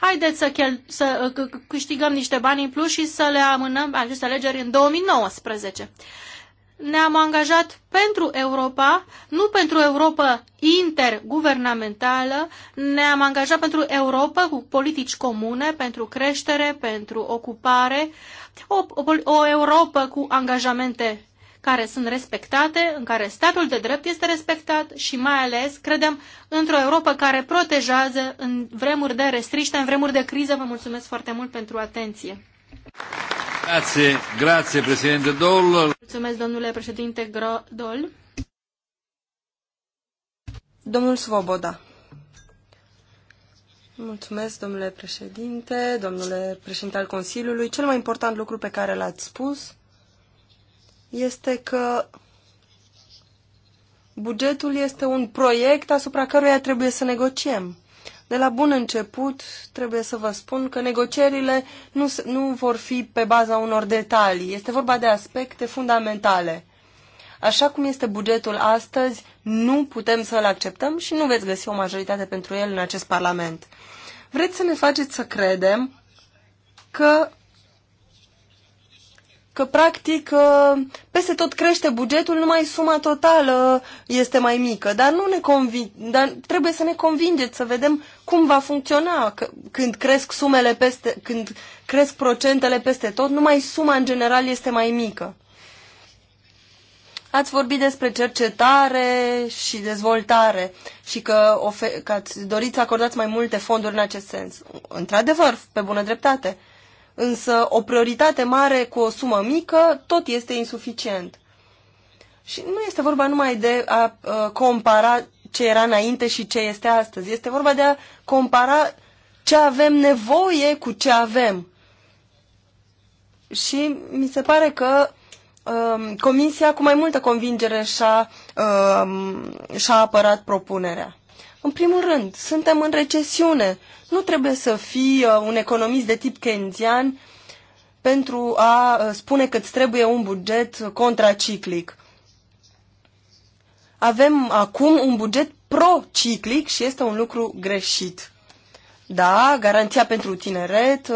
Speaker 2: Haideți să, chel- să uh, câștigăm niște bani în plus și să le amânăm aceste alegeri în 2019 ne-am angajat pentru Europa, nu pentru Europa interguvernamentală, ne-am angajat pentru Europa cu politici comune, pentru creștere, pentru ocupare, o, o, o Europa cu angajamente care sunt respectate, în care statul de drept este respectat și mai ales, credem, într-o Europa care protejează în vremuri de restriște, în vremuri de criză. Vă mulțumesc foarte mult pentru atenție!
Speaker 1: Grazie, grazie președinte Dol.
Speaker 2: Mulțumesc, domnule președinte Gro
Speaker 3: Dol. Domnul Svoboda. Mulțumesc, domnule președinte, domnule președinte al Consiliului. Cel mai important lucru pe care l-ați spus este că bugetul este un proiect asupra căruia trebuie să negociem. De la bun început trebuie să vă spun că negocierile nu, nu vor fi pe baza unor detalii. Este vorba de aspecte fundamentale. Așa cum este bugetul astăzi, nu putem să-l acceptăm și nu veți găsi o majoritate pentru el în acest Parlament. Vreți să ne faceți să credem că că practic ă, peste tot crește bugetul, numai suma totală este mai mică. Dar, nu ne convin- dar trebuie să ne convingeți să vedem cum va funcționa când cresc sumele peste, când cresc procentele peste tot, numai suma în general este mai mică. Ați vorbit despre cercetare și dezvoltare și că, ofer- că ați dorit să acordați mai multe fonduri în acest sens. Într-adevăr, pe bună dreptate Însă o prioritate mare cu o sumă mică tot este insuficient. Și nu este vorba numai de a uh, compara ce era înainte și ce este astăzi. Este vorba de a compara ce avem nevoie cu ce avem. Și mi se pare că um, Comisia cu mai multă convingere și-a um, și apărat propunerea. În primul rând, suntem în recesiune. Nu trebuie să fii uh, un economist de tip keynesian pentru a uh, spune că îți trebuie un buget contraciclic. Avem acum un buget prociclic și este un lucru greșit. Da, garanția pentru tineret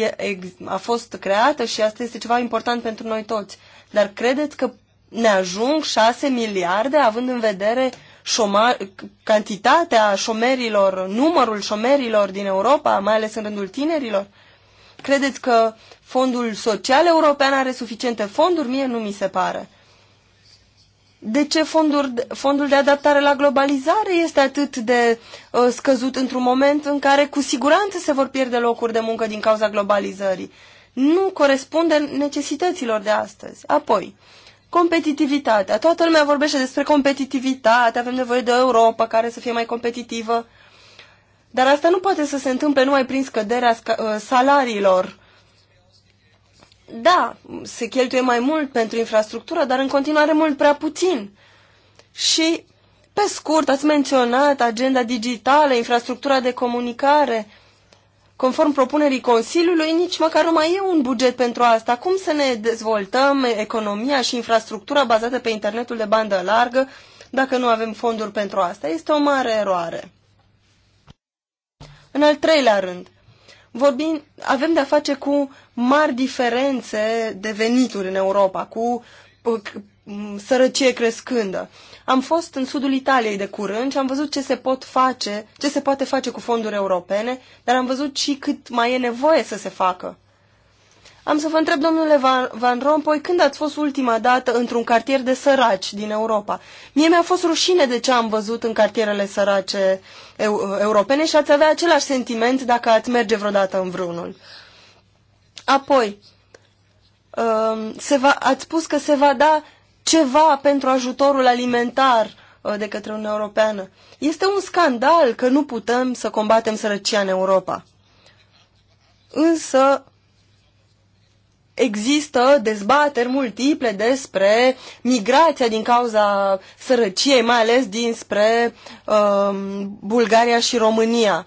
Speaker 3: uh, a fost creată și asta este ceva important pentru noi toți. Dar credeți că ne ajung 6 miliarde având în vedere șoma, cantitatea șomerilor, numărul șomerilor din Europa, mai ales în rândul tinerilor? Credeți că fondul social european are suficiente fonduri? Mie nu mi se pare. De ce fondul, fondul de adaptare la globalizare este atât de uh, scăzut într-un moment în care cu siguranță se vor pierde locuri de muncă din cauza globalizării? Nu corespunde necesităților de astăzi. Apoi, uh, Competitivitatea. Toată lumea vorbește despre competitivitate, avem nevoie de o Europa care să fie mai competitivă. Dar asta nu poate să se întâmple numai prin scăderea uh, salariilor. Da, se cheltuie mai mult pentru infrastructură, dar în continuare mult prea puțin. Și, pe scurt, ați menționat agenda digitală, infrastructura de comunicare conform propunerii Consiliului, nici măcar nu mai e un buget pentru asta. Cum să ne dezvoltăm economia și infrastructura bazată pe internetul de bandă largă dacă nu avem fonduri pentru asta? Este o mare eroare. În al treilea rând, vorbim, avem de-a face cu mari diferențe de venituri în Europa, cu sărăcie crescândă. Am fost în sudul Italiei de curând și am văzut ce se, pot face, ce se poate face cu fonduri europene, dar am văzut și cât mai e nevoie să se facă. Am să vă întreb, domnule Van, Van Rompuy, când ați fost ultima dată într-un cartier de săraci din Europa? Mie mi-a fost rușine de ce am văzut în cartierele sărace europene și ați avea același sentiment dacă ați merge vreodată în vreunul. Apoi, um, se va, ați spus că se va da ceva pentru ajutorul alimentar uh, de către Uniunea Europeană. Este un scandal că nu putem să combatem sărăcia în Europa. Însă există dezbateri multiple despre migrația din cauza sărăciei, mai ales dinspre um, Bulgaria și România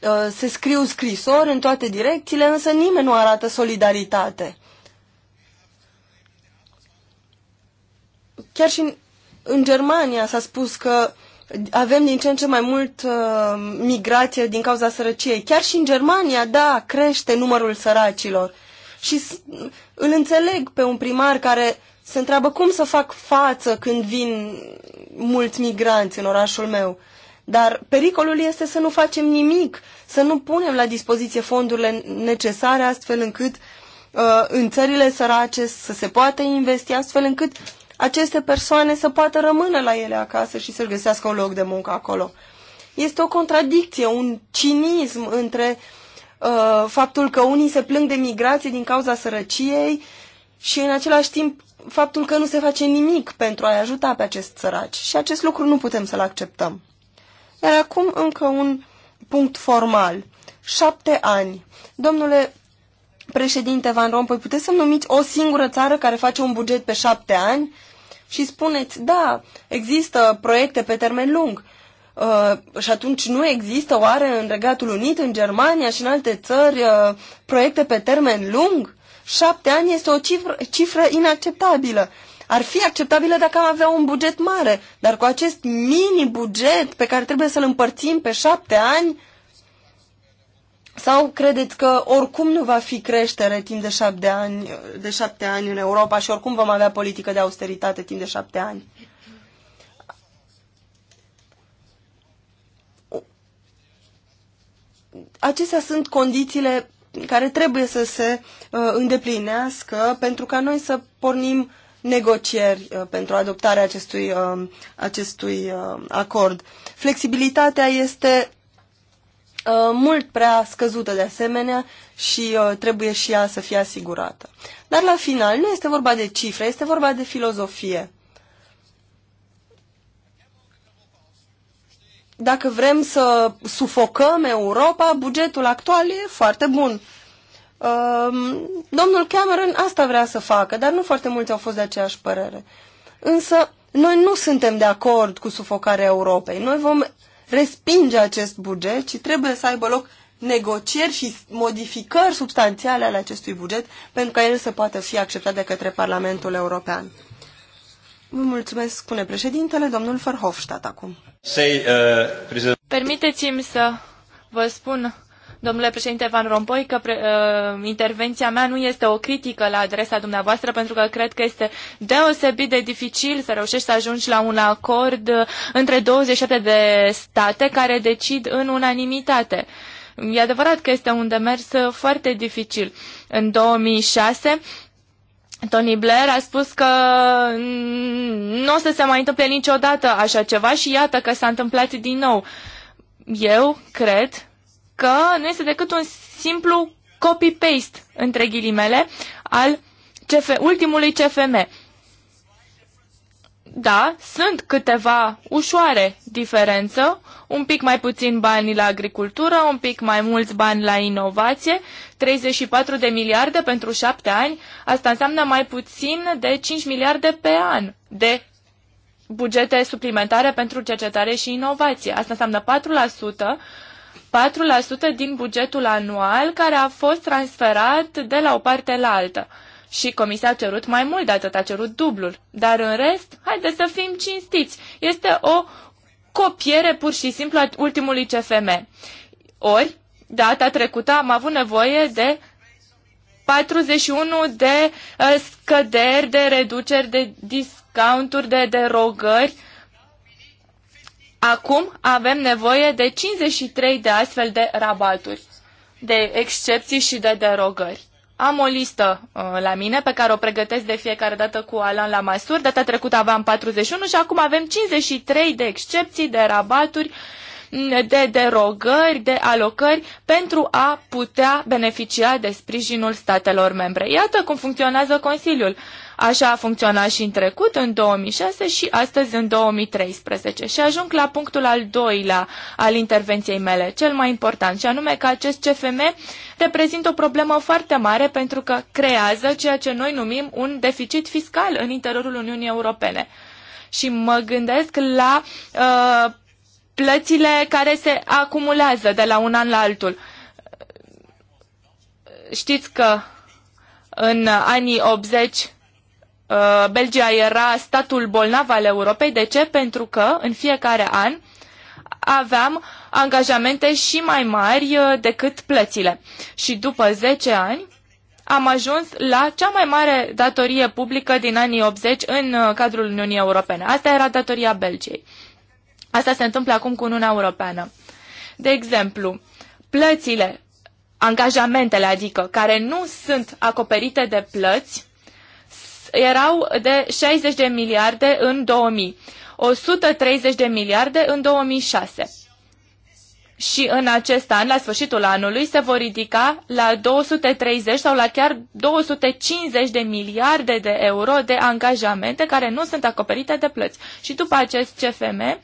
Speaker 3: uh, se scriu scrisori în toate direcțiile, însă nimeni nu arată solidaritate. Chiar și în, în Germania s-a spus că avem din ce în ce mai mult uh, migrație din cauza sărăciei. Chiar și în Germania, da, crește numărul săracilor. Și îl înțeleg pe un primar care se întreabă cum să fac față când vin mulți migranți în orașul meu. Dar pericolul este să nu facem nimic, să nu punem la dispoziție fondurile necesare astfel încât uh, în țările sărace să se poată investi, astfel încât aceste persoane să poată rămâne la ele acasă și să-și găsească un loc de muncă acolo. Este o contradicție, un cinism între uh, faptul că unii se plâng de migrație din cauza sărăciei și în același timp faptul că nu se face nimic pentru a-i ajuta pe acest săraci. Și acest lucru nu putem să-l acceptăm. Iar acum încă un punct formal. Șapte ani. Domnule Președinte Van Rompuy, puteți să-mi numiți o singură țară care face un buget pe șapte ani? Și spuneți, da, există proiecte pe termen lung. Uh, și atunci nu există oare în Regatul Unit, în Germania și în alte țări uh, proiecte pe termen lung? Șapte ani este o cifră, cifră inacceptabilă. Ar fi acceptabilă dacă am avea un buget mare, dar cu acest mini-buget pe care trebuie să-l împărțim pe șapte ani, sau credeți că oricum nu va fi creștere timp de șapte ani, de șapte ani în Europa și oricum vom avea politică de austeritate timp de șapte ani? Acestea sunt condițiile care trebuie să se uh, îndeplinească pentru ca noi să pornim negocieri uh, pentru adoptarea acestui, uh, acestui uh, acord. Flexibilitatea este Uh, mult prea scăzută de asemenea și uh, trebuie și ea să fie asigurată. Dar la final nu este vorba de cifre, este vorba de filozofie. Dacă vrem să sufocăm Europa, bugetul actual e foarte bun. Um, domnul Cameron asta vrea să facă, dar nu foarte mulți au fost de aceeași părere. Însă, noi nu suntem de acord cu sufocarea Europei. Noi vom respinge acest buget, ci trebuie să aibă loc negocieri și modificări substanțiale ale acestui buget pentru ca el să poată fi acceptat de către Parlamentul European. Vă mulțumesc, spune președintele, domnul Verhofstadt acum.
Speaker 1: uh,
Speaker 4: Permiteți-mi să vă spun domnule președinte Van Rompuy, că pre, uh, intervenția mea nu este o critică la adresa dumneavoastră, pentru că cred că este deosebit de dificil să reușești să ajungi la un acord între 27 de state care decid în unanimitate. E adevărat că este un demers foarte dificil. În 2006 Tony Blair a spus că nu o să se mai întâmple niciodată așa ceva și iată că s-a întâmplat din nou. Eu cred că nu este decât un simplu copy-paste, între ghilimele, al CF, ultimului CFM. Da, sunt câteva ușoare diferență, un pic mai puțin bani la agricultură, un pic mai mulți bani la inovație, 34 de miliarde pentru șapte ani, asta înseamnă mai puțin de 5 miliarde pe an de bugete suplimentare pentru cercetare și inovație. Asta înseamnă din bugetul anual care a fost transferat de la o parte la alta. Și comisia a cerut mai mult de atât, a cerut dublul. Dar în rest, haideți să fim cinstiți. Este o copiere pur și simplu a ultimului CFM. Ori, data trecută am avut nevoie de 41 de uh, scăderi, de reduceri, de discounturi, de derogări Acum avem nevoie de 53 de astfel de rabaturi, de excepții și de derogări. Am o listă uh, la mine pe care o pregătesc de fiecare dată cu Alan la masuri. Data trecută aveam 41 și acum avem 53 de excepții, de rabaturi, mm, de derogări, de alocări pentru a putea beneficia de sprijinul statelor membre. Iată cum funcționează Consiliul. Uh, Așa a funcționat și în trecut, în 2006 și astăzi în 2013. Și ajung la punctul al doilea al intervenției mele, cel mai important, și anume că acest CFM reprezintă o problemă foarte mare pentru că creează ceea ce noi numim un deficit fiscal în interiorul Uniunii Europene. Și mă gândesc la uh, plățile care se acumulează de la un an la altul. Știți că în anii 80 Uh, Belgia era statul bolnav al Europei. De ce? Pentru că în fiecare an aveam angajamente și mai mari uh, decât plățile. Și după 10 ani am ajuns la cea mai mare datorie publică din anii 80 în uh, cadrul Uniunii Europene. Asta era datoria Belgiei. Asta se întâmplă acum cu Uniunea Europeană. De exemplu, plățile, angajamentele, adică, care nu sunt acoperite de plăți, erau de 60 de miliarde în 2000, 130 de miliarde în 2006. Și în acest an, la sfârșitul anului, se vor ridica la 230 sau la chiar 250 de miliarde de euro de angajamente care nu sunt acoperite de plăți. Și după acest CFM,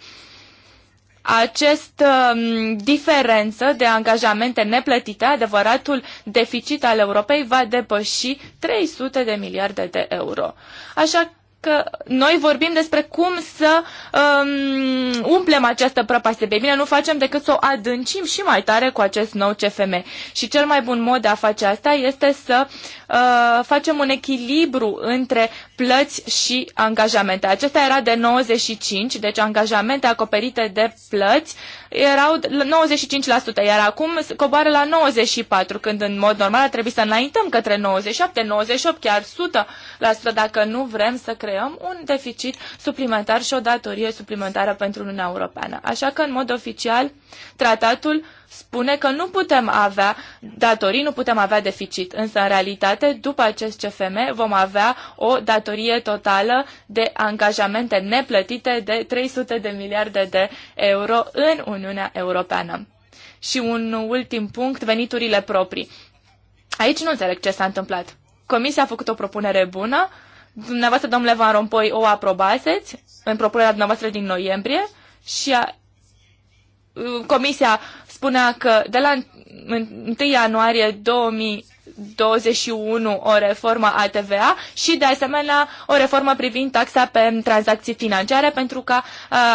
Speaker 4: această um, diferență de angajamente neplătite, adevăratul deficit al Europei va depăși 300 de miliarde de euro. Așa că noi vorbim despre cum să um, umplem această prăpastie. Pe bine, nu facem decât să o adâncim și mai tare cu acest nou CFM. Și cel mai bun mod de a face asta este să uh, facem un echilibru între plăți și angajamente. Acesta era de 95, deci angajamente acoperite de plăți erau 95%, iar acum coboară la 94, când în mod normal ar trebui să înaintăm către 97, 98, chiar 100%, dacă nu vrem să creăm un deficit suplimentar și o datorie suplimentară pentru Uniunea Europeană. Așa că, în mod oficial, tratatul spune că nu putem avea datorii, nu putem avea deficit. Însă, în realitate, după acest CFM vom avea o datorie totală de angajamente neplătite de 300 de miliarde de euro în Uniunea Europeană. Și un ultim punct, veniturile proprii. Aici nu înțeleg ce s-a întâmplat. Comisia a făcut o propunere bună, dumneavoastră, domnule Van Rompuy, o aprobaseți în propunerea dumneavoastră din noiembrie și a, Comisia spunea că de la 1 ianuarie 2021 o reformă a TVA și de asemenea o reformă privind taxa pe tranzacții financiare pentru ca uh,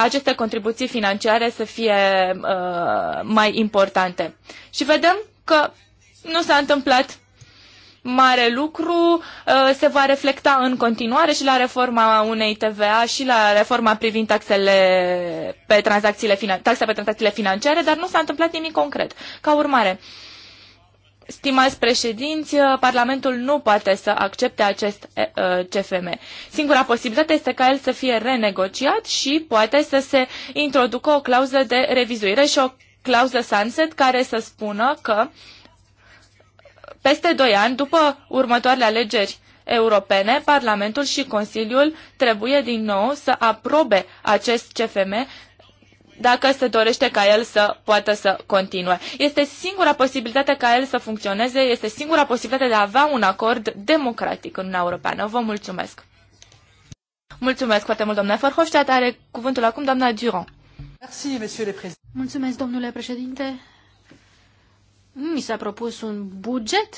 Speaker 4: aceste contribuții financiare să fie uh, mai importante. Și vedem că nu s-a întâmplat mare lucru uh, se va reflecta în continuare și la reforma unei TVA și la reforma privind taxele pe tranzacțiile, taxa pe tranzacțiile financiare, dar nu s-a întâmplat nimic concret. Ca urmare, Stimați președinți, uh, Parlamentul nu poate să accepte acest uh, CFM. Singura posibilitate este ca el să fie renegociat și poate să se introducă o clauză de revizuire și o clauză sunset care să spună că uh, peste doi ani, după următoarele alegeri europene, Parlamentul și Consiliul trebuie din nou să aprobe acest CFM dacă se dorește ca el să poată să continue. Este singura posibilitate ca el să funcționeze, este singura posibilitate de a avea un acord democratic în Uniunea Europeană. Vă mulțumesc! Mulțumesc foarte mult, domnule Forhofstadt. Are cuvântul acum doamna Durand. Mulțumesc, domnule președinte nu mi s-a propus un
Speaker 2: buget,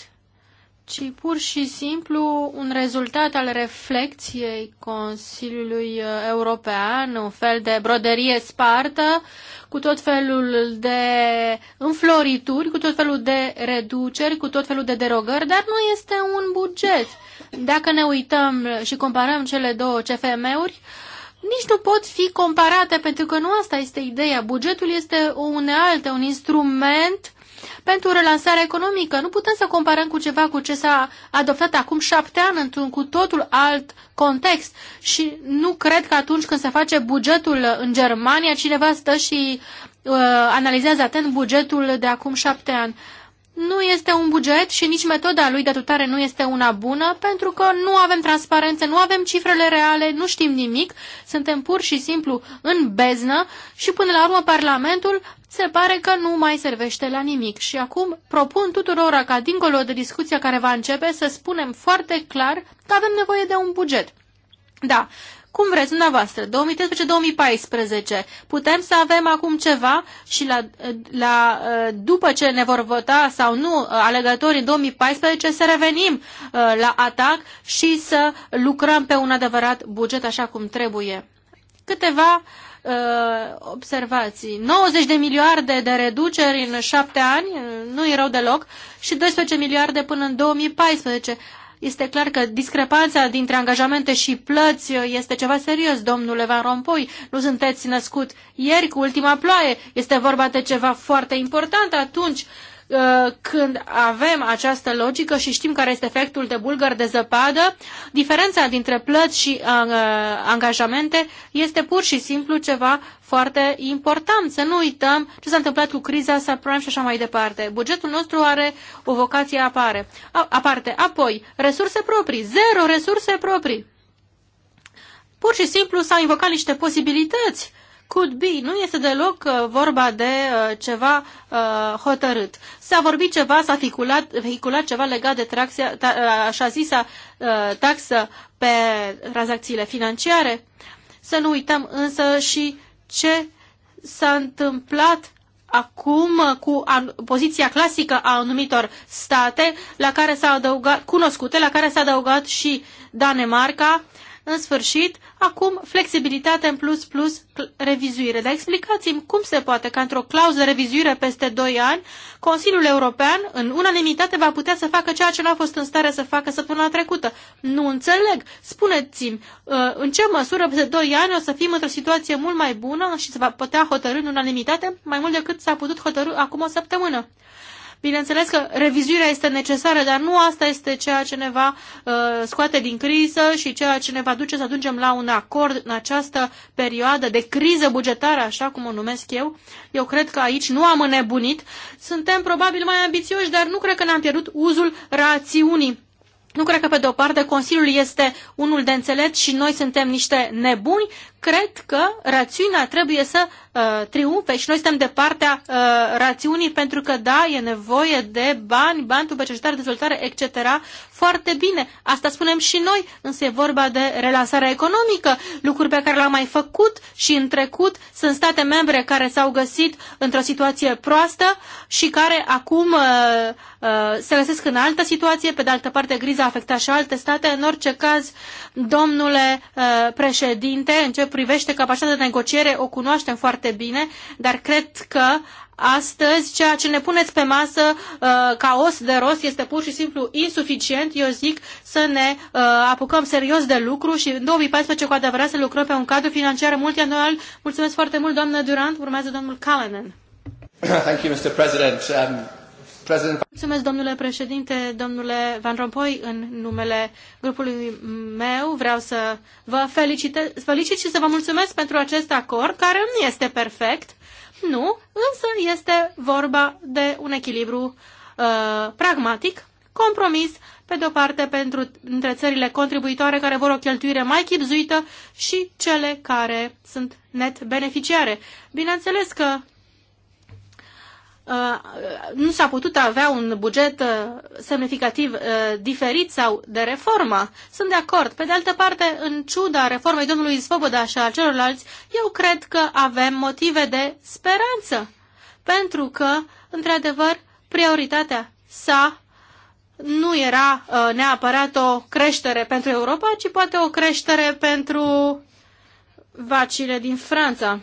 Speaker 2: ci pur și simplu un rezultat al reflecției Consiliului European, un fel de broderie spartă, cu tot felul de înflorituri, cu tot felul de reduceri, cu tot felul de derogări, dar nu este un buget. Dacă ne uităm și comparăm cele două CFM-uri, nici nu pot fi comparate, pentru că nu asta este ideea. Bugetul este o unealtă, un instrument pentru relansarea economică. Nu putem să comparăm cu ceva cu ce s-a adoptat acum șapte ani într-un cu totul alt context și nu cred că atunci când se face bugetul în Germania, cineva stă și uh, analizează atent bugetul de acum șapte ani. Nu este un buget și nici metoda lui de tutare nu este una bună pentru că nu avem transparență, nu avem cifrele reale, nu știm nimic, suntem pur și simplu în beznă și până la urmă Parlamentul se pare că nu mai servește la nimic și acum propun tuturor ca dincolo de discuția care va începe să spunem foarte clar că avem nevoie de un buget. Da, cum vreți dumneavoastră, 2013-2014, putem să avem acum ceva și la, la, după ce ne vor vota sau nu uh, alegătorii în 2014 să revenim uh, la atac și să lucrăm pe un adevărat buget așa cum trebuie. Câteva uh, uh, observații. 90 de miliarde de reduceri în șapte ani, uh, nu e rău deloc, și 12 miliarde până în 2014. Este clar că discrepanța dintre angajamente și plăți uh, este ceva serios, domnule Van Rompuy. Nu sunteți născut ieri cu ultima ploaie. Este vorba de ceva foarte important atunci. Uh, Uh, când avem această logică și știm care este efectul de bulgăr de zăpadă, diferența dintre plăți și uh, uh, angajamente este pur și simplu ceva foarte important. Să nu uităm ce s-a întâmplat cu criza subprime și așa mai departe. Bugetul nostru are o vocație apare, aparte. Apoi, resurse proprii. Zero resurse proprii. Pur și simplu s-au invocat niște posibilități uh, could be. Nu este deloc uh, vorba de uh, ceva uh, hotărât. S-a vorbit ceva, s-a vehiculat, vehiculat ceva legat de traxia, așa zisa taxă pe tranzacțiile financiare. Să nu uităm însă și ce s-a întâmplat acum cu poziția clasică a anumitor state la care s-a adăugat, cunoscute, la care s-a adăugat și Danemarca, în sfârșit, acum flexibilitate în plus plus revizuire. Dar explicați-mi cum se poate ca într-o clauză de revizuire peste 2 ani, Consiliul European în unanimitate va putea să facă ceea ce nu a fost în stare să facă săptămâna trecută. Nu înțeleg. Spuneți-mi uh, în ce măsură peste 2 ani o să fim într-o situație mult mai bună și se va putea hotărâ în unanimitate mai mult decât s-a putut hotărâ acum o săptămână. Bineînțeles că revizuirea este necesară, dar nu asta este ceea ce ne va uh, scoate din criză și ceea ce ne va duce să ajungem la un acord în această perioadă de criză bugetară, așa cum o numesc eu. Eu cred că aici nu am înnebunit. Suntem probabil mai ambițioși, dar nu cred că ne-am pierdut uzul rațiunii. Nu cred că, pe de o parte, Consiliul este unul de înțelept și noi suntem niște nebuni, cred că rațiunea trebuie să uh, triumfe și noi suntem de partea uh, rațiunii pentru că, da, e nevoie de bani, bani pentru cercetare, dezvoltare, etc. Foarte bine, asta spunem și noi, însă e vorba de relansarea economică, lucruri pe care le-am mai făcut și în trecut. Sunt state membre care s-au găsit într-o situație proastă și care acum uh, uh, se găsesc în altă situație. Pe de altă parte, griza a afectat și alte state. În orice caz, domnule uh, președinte, încep ce privește capacitatea de negociere o cunoaștem foarte bine, dar cred că astăzi ceea ce ne puneți pe masă uh, ca os de rost este pur și simplu insuficient. Eu zic să ne uh, apucăm serios de lucru și în 2014 cu adevărat să lucrăm pe un cadru financiar multianual. Mulțumesc foarte mult, doamnă Durant. Urmează domnul Callanan.
Speaker 3: Thank you, Mr. President. Um...
Speaker 2: Mulțumesc, domnule președinte, domnule Van Rompuy, în numele grupului meu vreau să vă felicitez felicit și să vă mulțumesc pentru acest acord, care nu este perfect, nu, însă este vorba de un echilibru uh, pragmatic, compromis, pe de-o parte pentru între țările contribuitoare care vor o cheltuire mai chipzuită și cele care sunt net beneficiare. Bineînțeles că Uh, nu s-a putut avea un buget uh, semnificativ uh, diferit sau de reformă. Sunt de acord. Pe de altă parte, în ciuda reformei domnului Svoboda și al celorlalți, eu cred că avem motive de speranță. Pentru că, într-adevăr, prioritatea sa nu era neapărat o creștere pentru Europa, ci poate o creștere pentru vacile din Franța.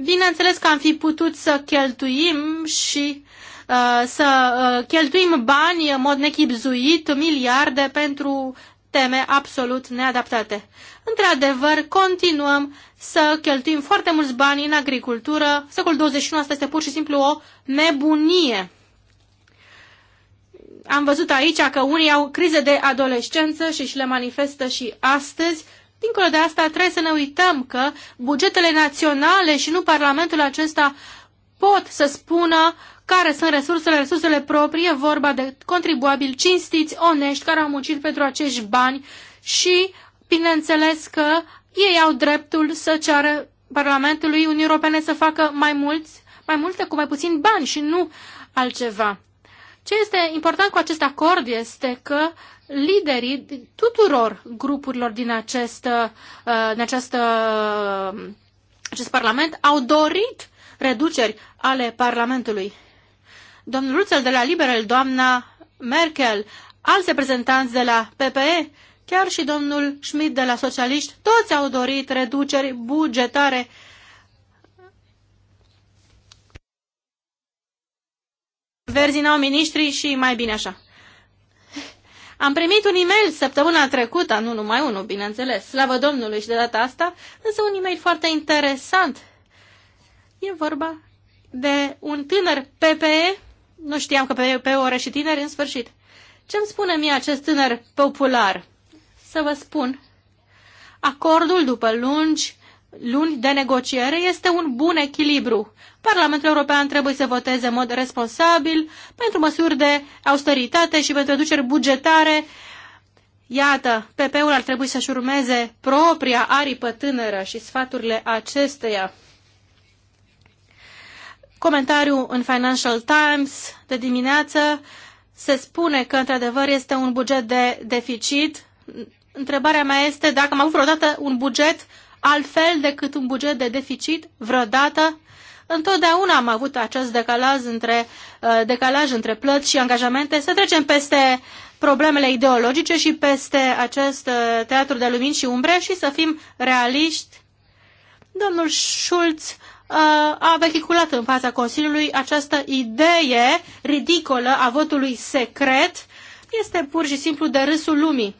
Speaker 2: Bineînțeles că am fi putut să cheltuim și uh, să uh, cheltuim bani în mod nechipzuit, miliarde pentru teme absolut neadaptate. Într-adevăr, continuăm să cheltuim foarte mulți bani în agricultură. Secolul 21 asta este pur și simplu o nebunie. Am văzut aici că unii au crize de adolescență și și le manifestă și astăzi Dincolo de asta, trebuie să ne uităm că bugetele naționale și nu Parlamentul acesta pot să spună care sunt resursele, resursele proprii, vorba de contribuabili cinstiți, onești, care au muncit pentru acești bani și, bineînțeles, că ei au dreptul să ceară Parlamentului Uniunii Europene să facă mai mulți, mai multe cu mai puțin bani și nu altceva. Ce este important cu acest acord este că liderii tuturor grupurilor din, acest, uh, din acest, uh, acest parlament au dorit reduceri ale Parlamentului. Domnul Ruțel de la Liberal, doamna Merkel, alți reprezentanți de la PPE, chiar și domnul Schmidt de la Socialiști, toți au dorit reduceri bugetare uh, Verzii n-au miniștri și mai bine așa. Am primit un e-mail săptămâna trecută, nu numai unul, bineînțeles, slavă Domnului și de data asta, însă un e-mail foarte interesant. E vorba de un tânăr PPE, nu știam că PPE o și tineri, în sfârșit. Ce mi spune mie acest tânăr popular? Să vă spun, acordul după lungi luni de negociere este un bun echilibru. Parlamentul European trebuie să voteze în mod responsabil pentru măsuri de austeritate și pentru reduceri bugetare. Iată, PP-ul ar trebui să-și urmeze propria aripă tânără și sfaturile acesteia. Comentariu în Financial Times de dimineață se spune că într-adevăr este un buget de deficit. Întrebarea mea este dacă am avut vreodată un buget altfel decât un buget de deficit vreodată. Întotdeauna am avut acest decalaj între, uh, decalaj între plăți și angajamente. Să trecem peste problemele ideologice și peste acest uh, teatru de lumini și umbre și să fim realiști. Domnul Schulz uh, a vehiculat în fața Consiliului această idee ridicolă a votului secret. Este pur și simplu de râsul lumii.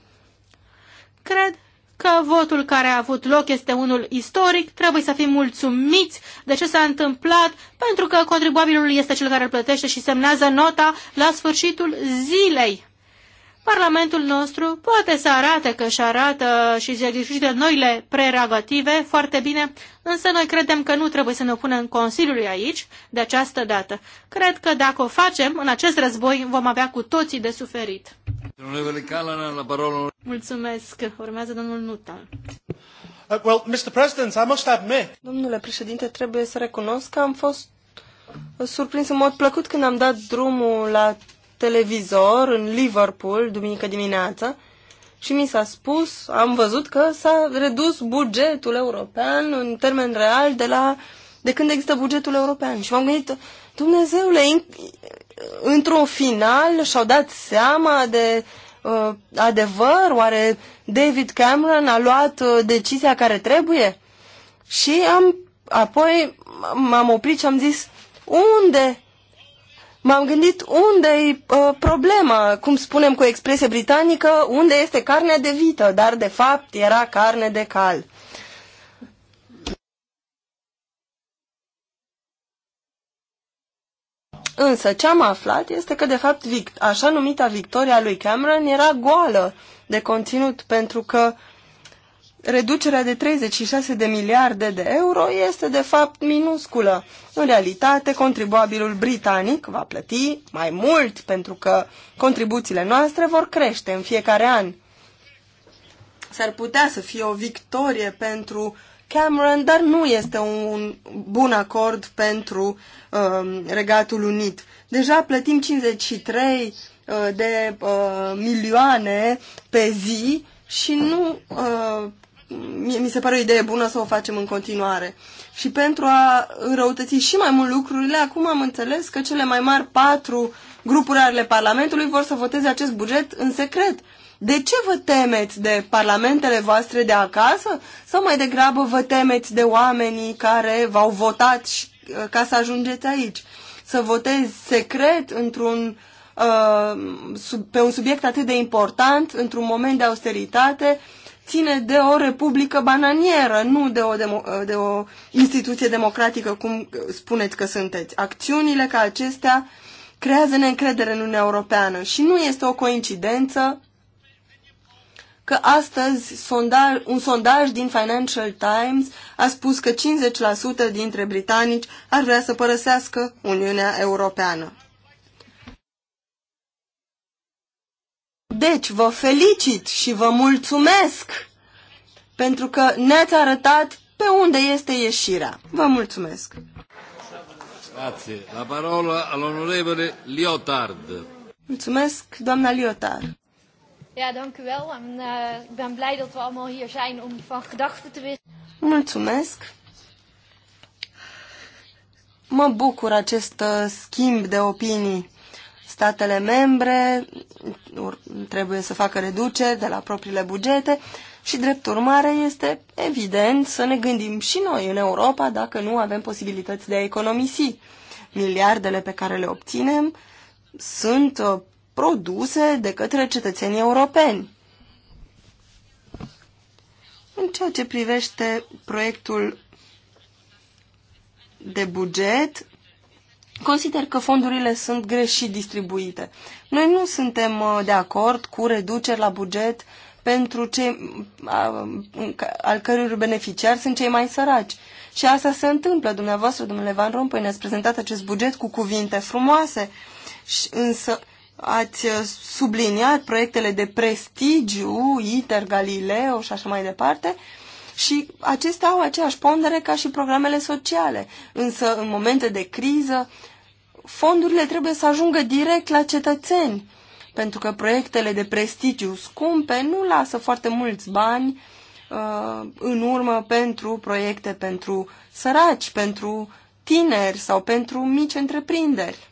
Speaker 2: Cred că votul care a avut loc este unul istoric, trebuie să fim mulțumiți de ce s-a întâmplat, pentru că contribuabilul este cel care îl plătește și semnează nota la sfârșitul zilei. Parlamentul nostru poate să arate că și arată și se exercită noile prerogative foarte bine, însă noi credem că nu trebuie să ne opunem Consiliului aici de această dată. Cred că dacă o facem, în acest război vom avea cu toții de suferit. Mulțumesc. Urmează domnul
Speaker 3: Nutal. Uh, well, Mr. President, I must admit. Domnule președinte, trebuie să recunosc că am fost surprins în mod plăcut când am dat drumul la televizor în Liverpool duminică dimineață și mi s-a spus, am văzut că s-a redus bugetul european în termen real de la de când există bugetul european. Și m-am gândit, Dumnezeule, într-un final și-au dat seama de uh, adevăr? Oare David Cameron a luat uh, decizia care trebuie? Și am, apoi m-am oprit și am zis, unde m-am gândit unde e uh, problema, cum spunem cu expresie britanică, unde este carnea de vită, dar de fapt era carne de cal. Însă ce am aflat este că de fapt așa numita victoria lui Cameron era goală de conținut pentru că uh, reducerea de 36 de miliarde de euro este de fapt minusculă. În realitate, contribuabilul britanic va plăti mai mult pentru că contribuțiile noastre vor crește în fiecare an. S-ar putea să fie o victorie pentru Cameron, dar nu este un bun acord pentru um, Regatul Unit. Deja plătim 53 uh, de uh, milioane pe zi și nu uh, mi se pare o idee bună să o facem în continuare. Și pentru a înrăutăți și mai mult lucrurile, acum am înțeles că cele mai mari patru grupuri ale Parlamentului vor să voteze acest buget în secret. De ce vă temeți de parlamentele voastre de acasă? Sau mai degrabă vă temeți de oamenii care v-au votat și, uh, ca să ajungeți aici? Să votezi secret într-un, uh, sub, pe un subiect atât de important, într-un moment de austeritate, uh, ține de o republică bananieră, nu de o, demo- de o instituție democratică, cum spuneți că sunteți. Acțiunile ca acestea creează neîncredere în Uniunea Europeană și nu este o coincidență că astăzi sondaj, un sondaj din Financial Times a spus că 50% dintre britanici ar vrea să părăsească Uniunea Europeană. Deci, vă felicit și vă mulțumesc pentru că ne-ați arătat pe unde este ieșirea. Vă mulțumesc!
Speaker 1: Grazie. La parola all'onorevole Liotard.
Speaker 3: Mulțumesc, doamna Liotard.
Speaker 2: Ja, dank u wel. En, uh, ik ben blij dat we allemaal hier zijn om van gedachten te wisselen.
Speaker 3: Mulțumesc. Mă bucur acest uh, schimb de opinii. Statele membre trebuie să facă reduceri de la propriile bugete și, drept urmare, este evident să ne gândim și noi în Europa dacă nu avem posibilități de a economisi. Miliardele pe care le obținem sunt uh, produse de către cetățenii europeni. În ceea ce privește proiectul de buget, Consider că fondurile sunt greșit distribuite. Noi nu suntem uh, de acord cu reduceri la buget pentru cei uh, al căror beneficiari sunt cei mai săraci. Și asta se întâmplă. Dumneavoastră, domnule Van Rompuy, ne-ați prezentat acest buget cu cuvinte frumoase, însă ați uh, subliniat proiectele de prestigiu, ITER, Galileo și așa mai departe, uh, și acestea au aceeași pondere ca și programele sociale. Însă, în momente de criză, fondurile trebuie să ajungă direct la cetățeni, pentru că proiectele de prestigiu scumpe nu lasă foarte mulți bani uh, în urmă pentru proiecte pentru săraci, pentru tineri sau pentru mici întreprinderi.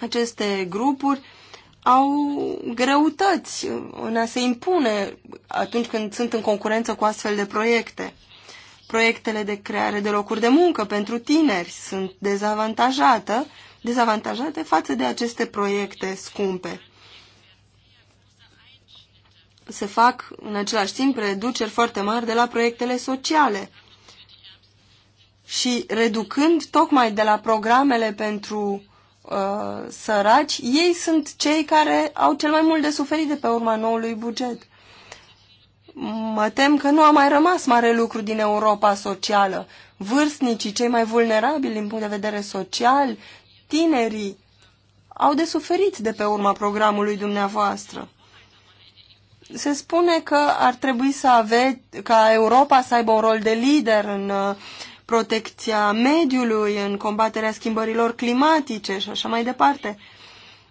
Speaker 3: Aceste grupuri uh, au greutăți în a se impune atunci când sunt în concurență cu astfel de proiecte. Proiectele de creare de locuri de muncă pentru tineri sunt dezavantajate, dezavantajate față de aceste proiecte scumpe. Se fac în același timp reduceri foarte mari de la proiectele sociale și reducând tocmai de la programele pentru Uh, săraci, ei sunt cei care au cel mai mult de suferit de pe urma noului buget. Mă tem că nu a mai rămas mare lucru din Europa socială. Vârstnicii, cei mai vulnerabili din punct de vedere social, tinerii, au de suferit de pe urma programului dumneavoastră. Se spune că ar trebui să aveți, ca Europa să aibă un rol de lider în uh, protecția mediului, în combaterea schimbărilor climatice și așa mai departe.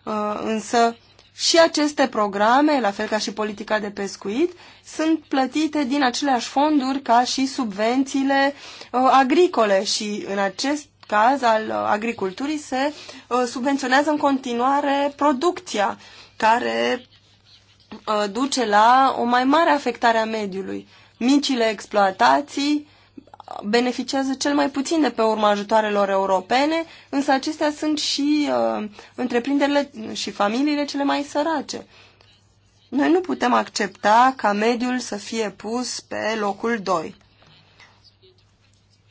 Speaker 3: Uh, însă și aceste programe, la fel ca și politica de pescuit, sunt plătite din aceleași fonduri ca și subvențiile uh, agricole și în acest caz al uh, agriculturii se subvenționează în continuare producția care duce la o mai mare afectare a mediului. Micile exploatații beneficiază cel mai puțin de pe urma ajutoarelor europene, însă acestea sunt și uh, întreprinderile și familiile cele mai sărace. Noi nu putem accepta ca mediul să fie pus pe locul 2.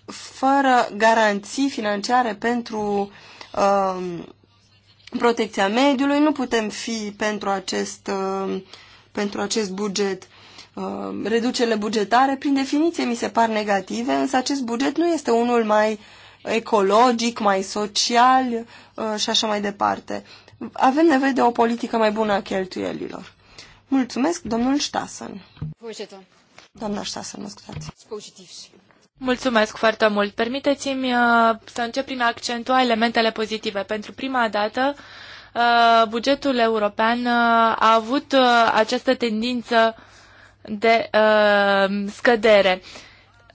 Speaker 3: Fără garanții financiare pentru uh, protecția mediului, nu putem fi pentru acest, uh, pentru acest buget. Uh, reducerile bugetare, prin definiție, mi se par negative, însă acest buget nu este unul mai ecologic, mai social uh, și așa mai departe. Avem nevoie de o politică mai bună a cheltuielilor. Mulțumesc, domnul Ștasăn. Doamna Ștasăn, mă scuzați. Mulțumesc foarte mult. Permiteți-mi uh, să
Speaker 4: încep prin a accentua elementele pozitive. Pentru prima dată, bugetul european a avut această tendință de uh, scădere.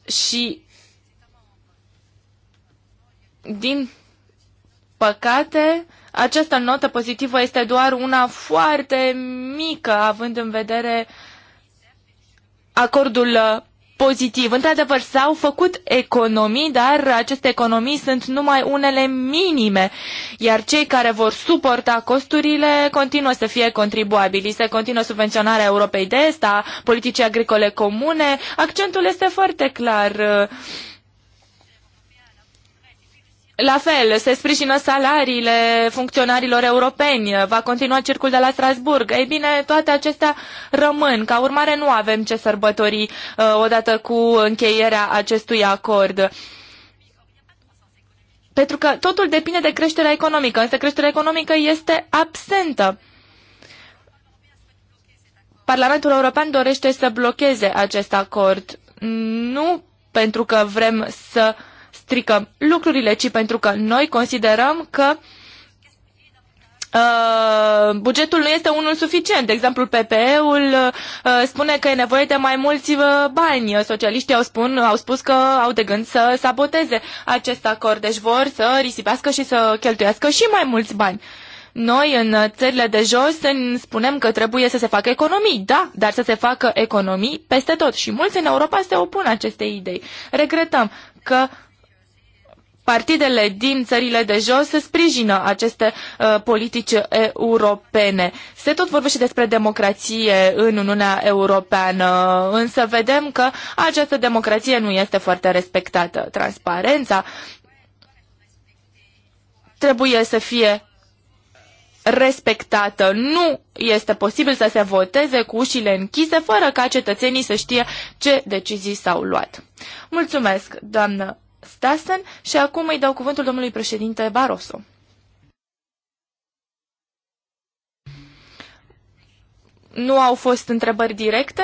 Speaker 4: Și din păcate, această notă pozitivă este doar una foarte mică, având în vedere acordul uh, pozitiv. Într-adevăr, s-au făcut economii, dar aceste economii sunt numai unele minime, iar cei care vor suporta costurile continuă să fie contribuabili. Se continuă subvenționarea Europei de Est, a politicii agricole comune. Accentul este foarte clar. Uh, la fel, se sprijină salariile funcționarilor europeni, va continua circul de la Strasburg. Ei bine, toate acestea rămân. Ca urmare, nu avem ce sărbători uh, odată cu încheierea acestui acord. Pentru că totul depinde de creșterea economică, însă creșterea economică este absentă. Parlamentul European dorește să blocheze acest acord, nu pentru că vrem să uh, strică lucrurile, ci pentru că noi considerăm că Uh, bugetul nu este unul suficient. De exemplu, PPE-ul uh, spune că e nevoie de mai mulți uh, bani. Socialiștii au, spun, au spus că au de gând să saboteze acest acord, deci vor să risipească și să cheltuiască și mai mulți bani. Noi, în țările de jos, spunem că trebuie să se facă economii, da, dar să se facă economii peste tot. Și mulți în Europa se opun acestei idei. Regretăm că uh, partidele din țările de jos să sprijină aceste uh, politici europene. Se tot vorbește despre democrație în Uniunea Europeană, însă vedem că această democrație nu este foarte respectată. Transparența trebuie să fie respectată. Nu este posibil să se voteze cu ușile închise fără ca cetățenii să știe ce decizii s-au luat. Mulțumesc, doamnă Stassen și acum îi dau cuvântul domnului președinte Barroso. Nu au fost întrebări directe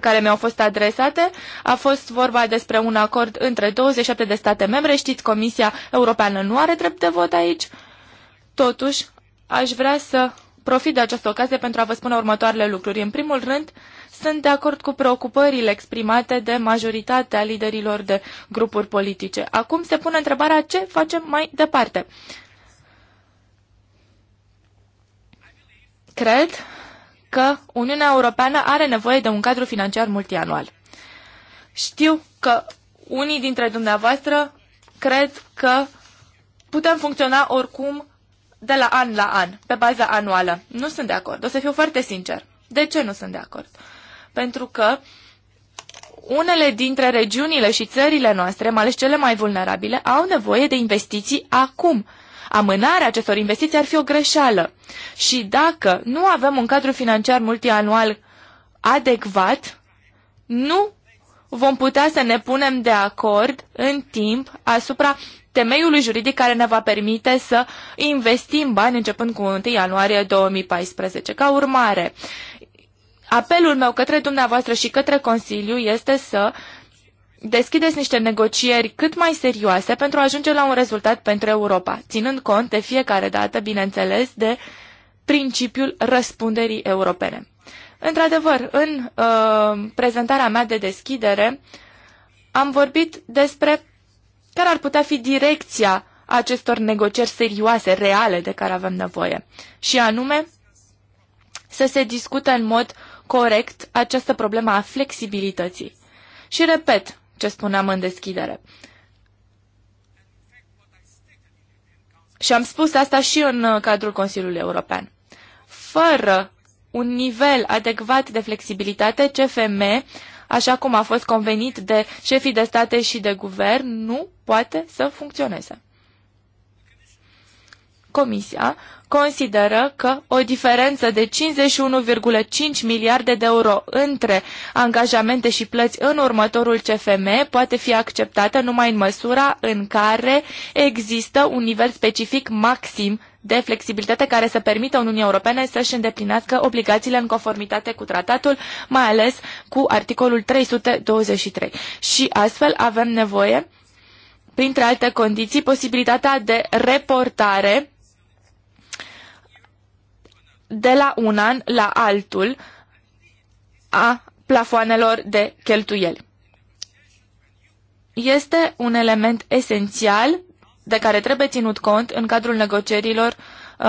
Speaker 4: care mi-au fost adresate. A fost vorba despre un acord între 27 de state membre. Știți, Comisia Europeană nu are drept de vot aici. Totuși, aș vrea să profit de această ocazie pentru a vă spune următoarele lucruri. În primul rând, uh, sunt de acord cu preocupările exprimate de majoritatea liderilor de grupuri politice. Acum se pune întrebarea ce facem mai departe. Cred că Uniunea Europeană are nevoie de un cadru financiar multianual. Știu că unii dintre dumneavoastră cred că putem funcționa oricum de la an la an, pe baza anuală. Nu sunt de acord. O să fiu foarte sincer. De ce nu sunt de acord? Uh, pentru că unele dintre regiunile și țările noastre, mai ales cele mai vulnerabile, au nevoie de investiții acum. Amânarea acestor investiții ar fi o greșeală. Și dacă nu avem un cadru financiar multianual adecvat, nu vom putea să ne punem de acord în timp asupra temeiului juridic care ne va permite să investim bani începând cu 1 ianuarie 2014. Ca urmare, apelul meu către dumneavoastră și către Consiliu este să deschideți niște negocieri cât mai serioase pentru a ajunge la un rezultat pentru Europa, ținând cont de fiecare dată, bineînțeles, de principiul răspunderii europene. Într-adevăr, în uh, prezentarea mea de deschidere am vorbit despre care ar putea fi direcția acestor negocieri serioase, reale, de care avem nevoie. Și anume, să se discute în mod corect această problemă a flexibilității. Și repet ce spuneam în deschidere. Și am spus asta și în uh, cadrul Consiliului European. Fără un nivel adecvat de flexibilitate, CFM, așa cum a fost convenit de șefii de state și de guvern, nu poate să funcționeze. Comisia consideră că o diferență de 51,5 miliarde de euro între angajamente și plăți în următorul CFM poate fi acceptată numai în măsura în care există un nivel specific maxim de flexibilitate care să permită Uniunii Europene să-și îndeplinească obligațiile în conformitate cu tratatul, mai ales cu articolul 323. Și astfel avem nevoie, printre alte condiții, posibilitatea de reportare de la un an la altul a plafoanelor de cheltuieli. Este un element esențial de care trebuie ținut cont în cadrul negocierilor uh,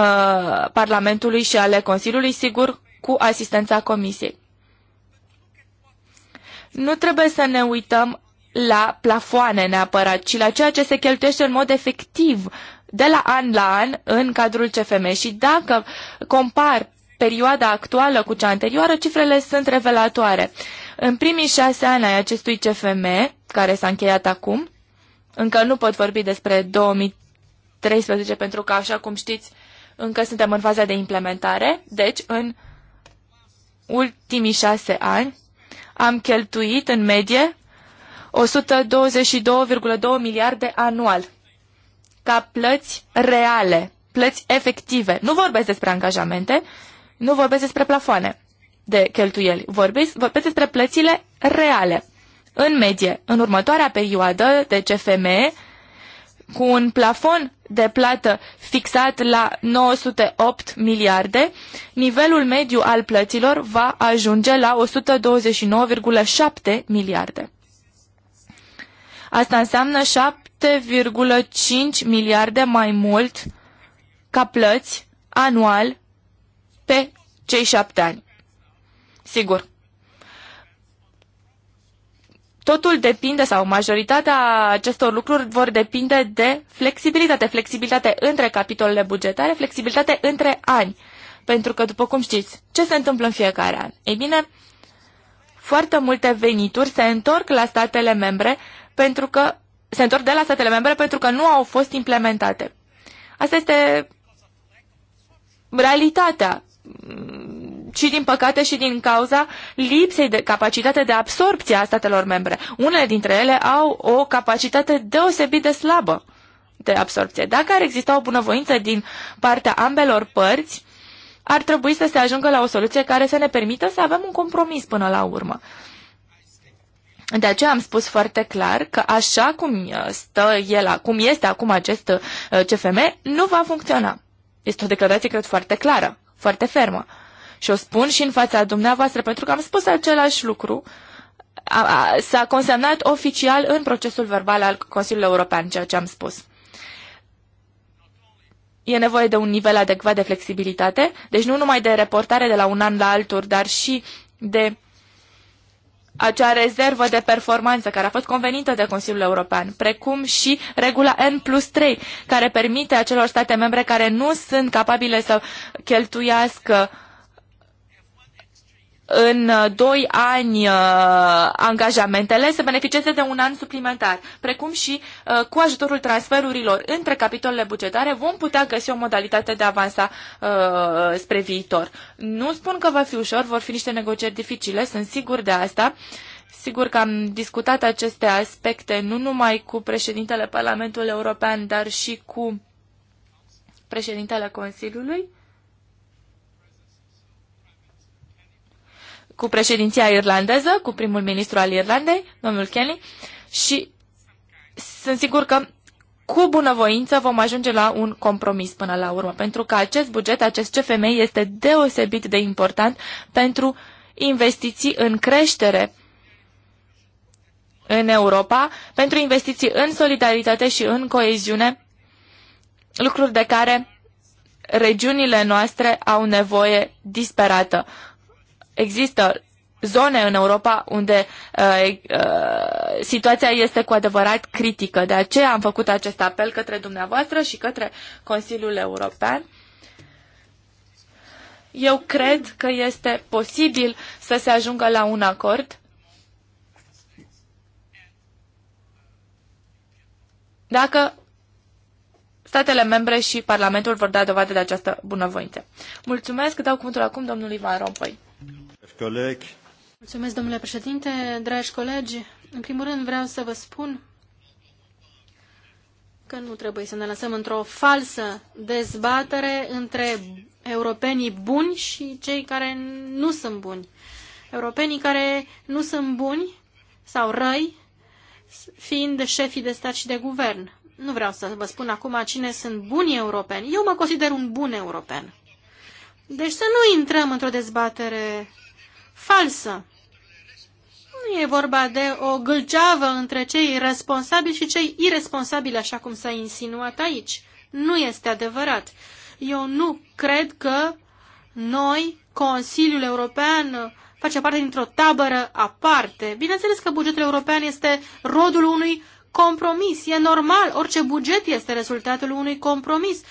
Speaker 4: Parlamentului și ale Consiliului, sigur, cu asistența Comisiei. Nu trebuie să ne uităm la plafoane neapărat, ci la ceea ce se cheltuiește în mod efectiv de la an la an în cadrul CFM și dacă compar perioada actuală cu cea anterioară, cifrele sunt revelatoare. În primii șase ani ai acestui CFM, care s-a încheiat acum, încă nu pot vorbi despre 2013 pentru că, așa cum știți, încă suntem în faza de implementare, deci în ultimii șase ani am cheltuit în medie 122,2 miliarde anual ca plăți reale, plăți efective. Nu vorbesc despre angajamente, nu vorbesc despre plafoane de cheltuieli, vorbesc, vorbesc despre plățile reale. În medie, în următoarea perioadă de CFM, cu un plafon de plată fixat la 908 miliarde, nivelul mediu al plăților va ajunge la 129,7 miliarde. Asta înseamnă 7,5 miliarde mai mult ca plăți anual pe cei șapte ani. Sigur. Totul depinde sau majoritatea acestor lucruri vor depinde de flexibilitate. Flexibilitate între capitolele bugetare, flexibilitate între ani. Pentru că, după cum știți, ce se întâmplă în fiecare an? Ei bine, foarte multe venituri se întorc la statele membre pentru că se întorc de la statele membre pentru că nu au fost implementate. Asta este realitatea și din păcate și din cauza lipsei de capacitate de absorpție a statelor membre. Unele dintre ele au o capacitate deosebit de slabă de absorpție. Dacă ar exista o bunăvoință din partea ambelor părți, ar trebui să se ajungă la o soluție care să ne permită să avem un compromis până la urmă. De aceea am spus foarte clar că așa cum uh, stă el acum, este acum acest uh, CFM, nu va funcționa. Este o declarație, cred, foarte clară, foarte fermă. Și o spun și în fața dumneavoastră, pentru că am spus același lucru. S-a consemnat oficial în procesul verbal al Consiliului European ceea ce am spus. E nevoie de un nivel adecvat de flexibilitate, deci nu numai de reportare de la un an la altul, dar și de acea rezervă de performanță care a fost convenită de Consiliul European, precum și regula N plus 3, care permite acelor state membre care nu sunt capabile să cheltuiască uh, în uh, doi ani uh, angajamentele să beneficieze de un an suplimentar, precum și uh, cu ajutorul transferurilor între capitolele bugetare vom putea găsi o modalitate de a avansa spre viitor. Nu spun că va fi ușor, vor fi niște negocieri dificile, sunt sigur de asta. Sigur că am discutat aceste aspecte nu numai cu președintele Parlamentului European, dar și cu președintele Consiliului. cu președinția irlandeză, cu primul ministru al Irlandei, domnul Kelly, și sunt sigur că cu bunăvoință vom ajunge la un compromis până la urmă, pentru că acest buget, acest CFM este deosebit de important pentru investiții în creștere în Europa, pentru investiții în solidaritate și în coeziune, lucruri de care regiunile noastre au nevoie disperată. Există zone în Europa unde uh, uh, situația este cu adevărat critică. De aceea am făcut acest apel către dumneavoastră și către Consiliul European. Eu cred că este posibil să se ajungă la un acord. Dacă statele membre și Parlamentul vor da dovadă de această bunăvoință. Mulțumesc, dau cuvântul acum domnului Van Rompuy.
Speaker 2: Mulțumesc, domnule președinte, dragi colegi. În primul rând vreau să vă spun că nu trebuie să ne lăsăm într-o falsă dezbatere între europenii buni și cei care nu sunt buni. Europenii care nu sunt buni sau răi, fiind șefii de stat și de guvern. Nu vreau să vă spun acum cine sunt buni europeni. Eu mă consider un bun european. Deci să nu intrăm într-o dezbatere falsă. Nu e vorba de o gâlceavă între cei responsabili și cei irresponsabili, așa cum s-a insinuat aici. Nu este adevărat. Eu nu cred că noi, Consiliul European, face parte dintr-o tabără aparte. Bineînțeles că bugetul european este rodul unui compromis. E normal, orice buget este rezultatul unui compromis.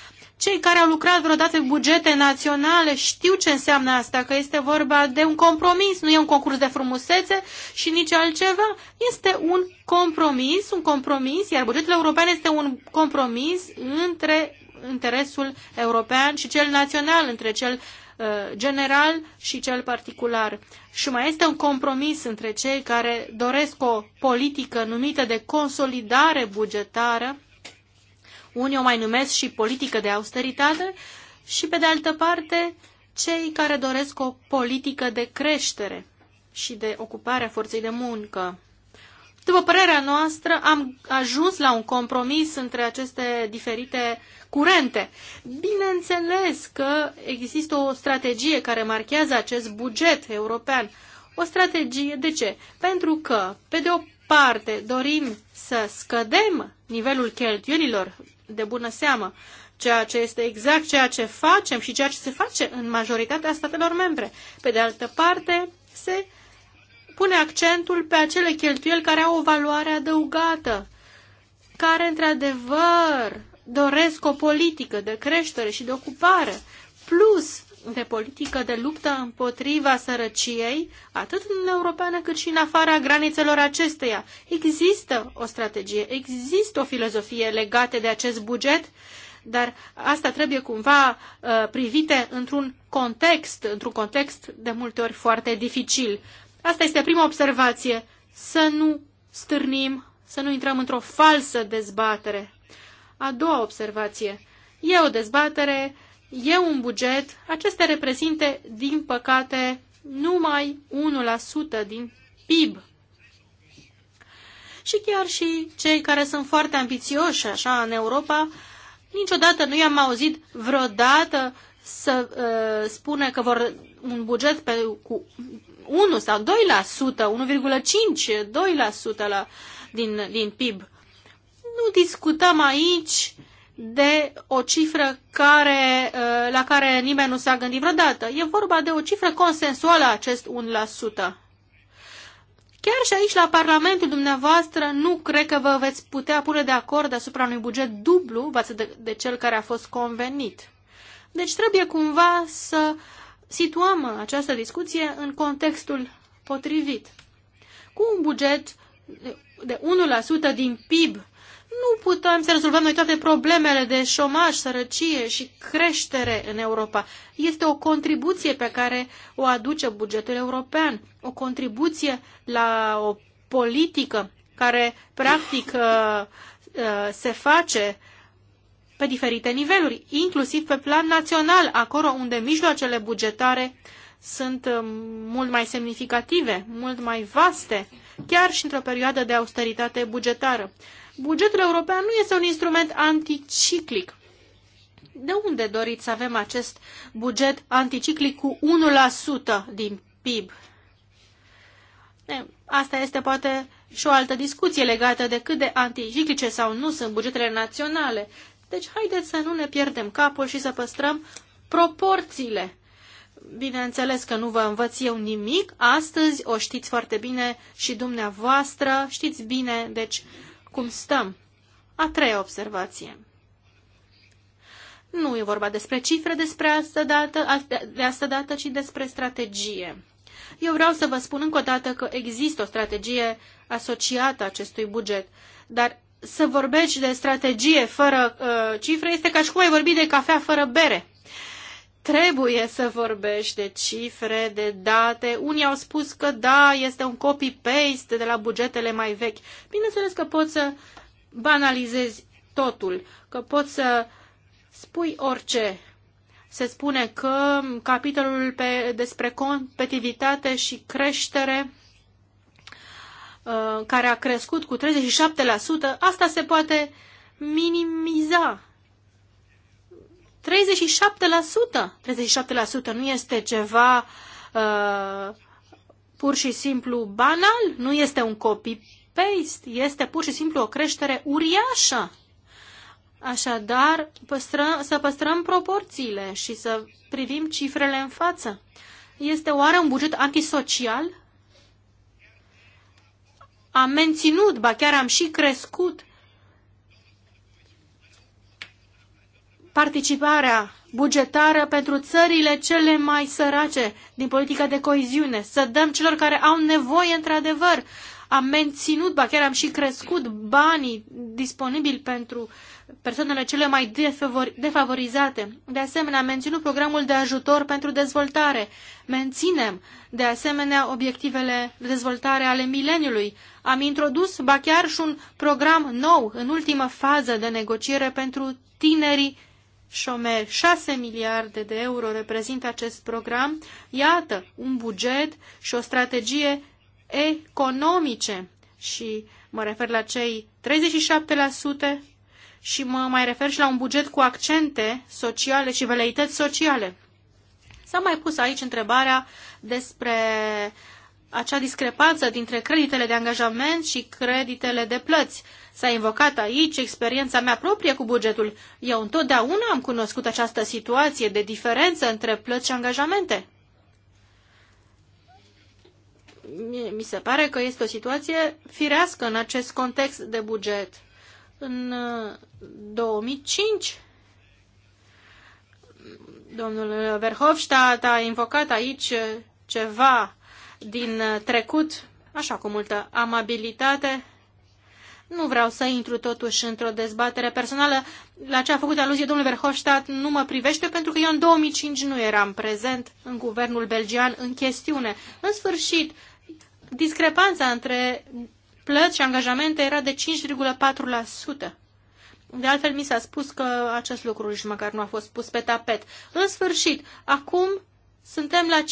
Speaker 2: Cei care au lucrat vreodată bugete naționale știu ce înseamnă asta, că este vorba de un compromis, nu e un concurs de frumusețe și nici altceva. Este un compromis, un compromis, iar bugetul european este un compromis între interesul european și cel național, între cel uh, general și cel particular. Și mai este un compromis între cei care doresc o politică numită de consolidare bugetară unii o mai numesc și politică de austeritate, și pe de altă parte cei care doresc o politică de creștere și de ocupare a forței de muncă. După părerea noastră, am ajuns la un compromis între aceste diferite curente. Bineînțeles că există o strategie care marchează acest buget european. O strategie de ce? Pentru că, pe de o parte, dorim să scădem nivelul cheltuielilor de bună seamă, ceea ce este exact ceea ce facem și ceea ce se face în majoritatea statelor membre. Pe de altă parte, se pune accentul pe acele cheltuieli care au o valoare adăugată, care într-adevăr doresc o politică de creștere și de ocupare, plus de politică de luptă împotriva sărăciei, atât în Uniunea Europeană cât și în afara granițelor acesteia. Există o strategie, există o filozofie legată de acest buget, dar asta trebuie cumva uh, privite într-un context, într-un context de multe ori foarte dificil. Asta este prima observație, să nu stârnim, să nu intrăm într-o falsă dezbatere. A doua observație, e o dezbatere uh, e un buget, acestea reprezinte, din păcate, numai 1% din PIB. Și chiar și cei care sunt foarte ambițioși, așa, în Europa, niciodată nu i-am auzit vreodată să uh, spune că vor un buget pe, cu 1 sau 2%, 1,5, 2% la, din, din PIB. Nu discutăm aici uh, de o cifră care, uh, la care nimeni nu s-a gândit vreodată. E vorba de o cifră consensuală a acest 1%. Chiar și aici, la Parlamentul dumneavoastră, nu cred că vă veți putea pune de acord asupra unui buget dublu față de, de cel care a fost convenit. Deci trebuie cumva să situăm această discuție în contextul potrivit. Cu un buget de 1% din PIB nu putem să rezolvăm noi toate problemele de șomaj, sărăcie și creștere în Europa. Este o contribuție pe care o aduce bugetul european, o contribuție la o politică care practic uh, uh, se face pe diferite niveluri, inclusiv pe plan național, acolo unde mijloacele bugetare sunt uh, mult mai semnificative, mult mai vaste, chiar și într-o perioadă de austeritate bugetară. Bugetul european nu este un instrument anticiclic. De unde doriți să avem acest buget anticiclic cu 1% din PIB? Asta este poate și o altă discuție legată de cât de anticiclice sau nu sunt bugetele naționale. Deci haideți să nu ne pierdem capul și să păstrăm proporțiile. Bineînțeles că nu vă învăț eu nimic, astăzi o știți foarte bine și dumneavoastră, știți bine, deci cum stăm. A treia observație. Nu e vorba despre cifre despre asta dată, de asta dată, ci despre strategie. Eu vreau să vă spun încă o dată că există o strategie asociată acestui buget, dar să vorbești de strategie fără uh, cifre este ca și cum ai vorbi de cafea fără bere trebuie să vorbești de cifre, de date. Unii au spus că da, este un copy-paste de la bugetele mai vechi. Bineînțeles că poți să banalizezi totul, că poți să spui orice. Se spune că capitolul pe, despre competitivitate și creștere uh, care a crescut cu 37%, asta se poate minimiza 37%. 37% nu este ceva uh, pur și simplu banal, nu este un copy-paste, este pur și simplu o creștere uriașă. Așadar, păstră, să păstrăm proporțiile și să privim cifrele în față. Este oare un buget antisocial? Am menținut, ba chiar am și crescut participarea bugetară pentru țările cele mai sărace din politica de coeziune, să dăm celor care au nevoie într-adevăr. Am menținut, ba chiar am și crescut banii disponibili pentru persoanele cele mai defavorizate. De asemenea, am menținut programul de ajutor pentru dezvoltare. Menținem, de asemenea, obiectivele de dezvoltare ale mileniului. Am introdus, ba chiar și un program nou în ultimă fază de negociere pentru tinerii șomer. 6 miliarde de euro reprezintă acest program. Iată, un buget și o strategie economice. Și mă refer la cei 37% și mă mai refer și la un buget cu accente sociale și veleități sociale. S-a mai pus aici întrebarea despre acea discrepanță dintre creditele de angajament și creditele de plăți. S-a invocat aici experiența mea proprie cu bugetul. Eu întotdeauna am cunoscut această situație de diferență între plăți și angajamente. Mi se pare că este o situație firească în acest context de buget. În 2005, uh, domnul Verhofstadt a invocat aici ceva din uh, trecut, așa cu multă amabilitate, nu vreau să intru totuși într-o dezbatere personală. La ce a făcut aluzie domnul Verhofstadt nu mă privește pentru că eu în 2005 nu eram prezent în guvernul belgian în chestiune. În sfârșit, discrepanța între plăți și angajamente era de 5,4%. De altfel, mi s-a spus că acest lucru și măcar nu a fost pus pe tapet. În sfârșit, acum suntem la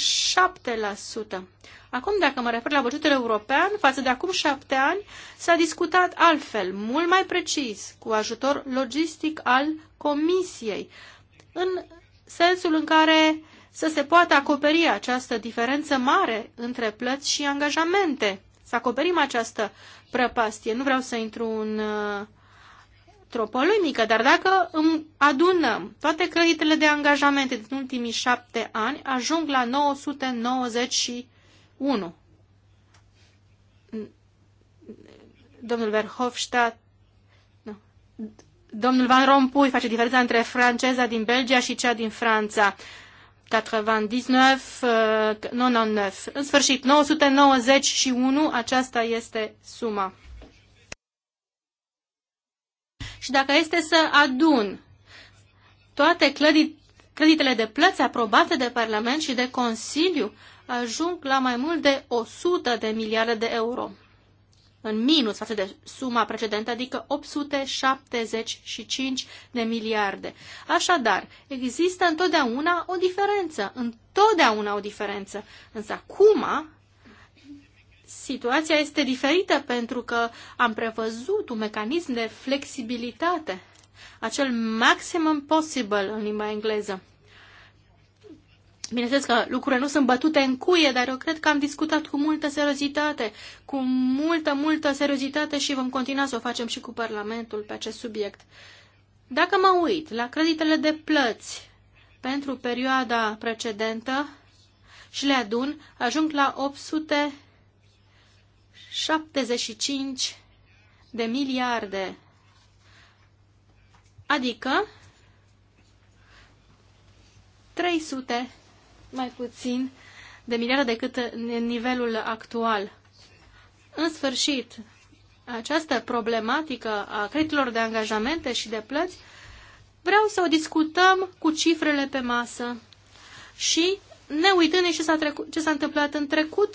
Speaker 2: 5,7%. Acum, dacă mă refer la bugetul european, față de acum șapte ani, s-a discutat altfel, mult mai precis, cu ajutor logistic al Comisiei, în sensul în care să se poată acoperi această diferență mare între plăți și angajamente. Să acoperim această prăpastie. Nu vreau să intru în uh, tropolimică, dar dacă îmi adunăm toate creditele de angajamente din ultimii șapte ani, ajung la 990 și 1. Domnul Verhofstadt, nu. domnul Van Rompuy face diferența între franceza din Belgia și cea din Franța. 99, 99. Uh, În sfârșit, 991, aceasta este suma. Și dacă este să adun toate clădit, creditele de plăți aprobate de Parlament și de Consiliu, ajung la mai mult de 100 de miliarde de euro, în minus față de suma precedentă, adică 875 de miliarde. Așadar, există întotdeauna o diferență, întotdeauna o diferență. Însă acum situația este diferită pentru că am prevăzut un mecanism de flexibilitate, acel maximum possible în limba engleză. Bineînțeles că lucrurile nu sunt bătute în cuie, dar eu cred că am discutat cu multă seriozitate, cu multă, multă seriozitate și vom continua să o facem și cu Parlamentul pe acest subiect. Dacă mă uit la creditele de plăți pentru perioada precedentă și le adun, ajung la 875 de miliarde. Adică 300 mai puțin de miliarde decât în nivelul actual. În sfârșit, această problematică a creditelor de angajamente și de plăți vreau să o discutăm cu cifrele pe masă și ne uitând ce s-a, întâmplat în trecut,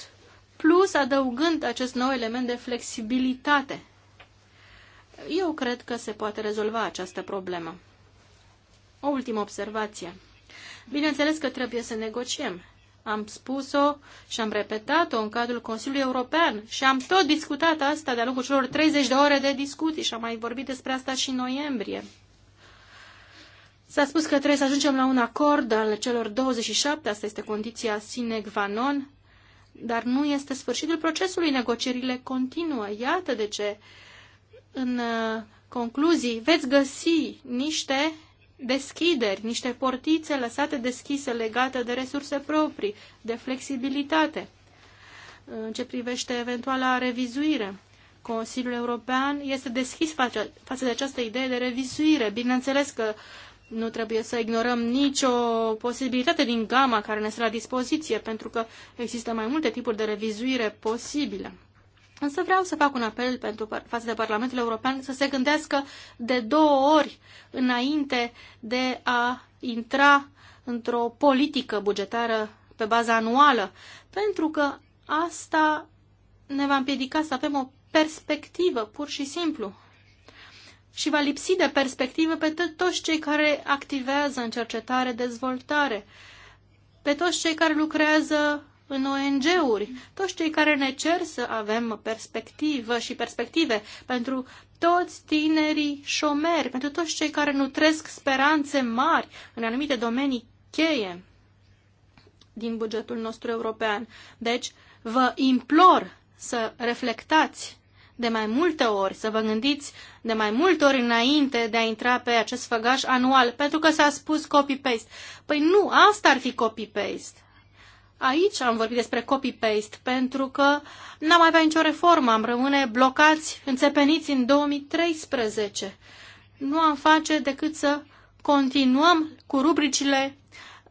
Speaker 2: plus adăugând acest nou element de flexibilitate. Eu cred că se poate rezolva această problemă. O ultimă observație. Bineînțeles că trebuie să negociem. Am spus-o și am repetat-o în cadrul Consiliului European și am tot discutat asta de-a lungul celor 30 de ore de discuții și am mai vorbit despre asta și în noiembrie. S-a spus că trebuie să ajungem la un acord al celor 27, asta este condiția sine qua non, dar nu este sfârșitul procesului, negocierile continuă. Iată de ce în uh, concluzii veți găsi niște deschideri, niște portițe lăsate deschise legate de resurse proprii, de flexibilitate. În ce privește eventuala revizuire, Consiliul European este deschis față de această idee de revizuire. Bineînțeles că nu trebuie să ignorăm nicio posibilitate din gama care ne este la dispoziție, pentru că există mai multe tipuri de revizuire posibile. Însă vreau să fac un apel pentru, față de Parlamentul European să se gândească de două ori înainte de a intra într-o politică bugetară pe bază anuală, pentru că asta ne va împiedica să avem o perspectivă, pur și simplu. Și va lipsi de perspectivă pe toți cei care activează în cercetare, dezvoltare, pe toți cei care lucrează în ONG-uri, toți cei care ne cer să avem perspectivă și perspective pentru toți tinerii șomeri, pentru toți cei care nutresc speranțe mari în anumite domenii cheie din bugetul nostru european. Deci, vă implor să reflectați de mai multe ori, să vă gândiți de mai multe ori înainte de a intra pe acest făgaș anual, pentru că s-a spus copy-paste. Păi nu, asta ar fi copy-paste. Aici am vorbit despre copy-paste, pentru că n-am avea nicio reformă, am rămâne blocați, înțepeniți în 2013. Nu am face decât să continuăm cu rubricile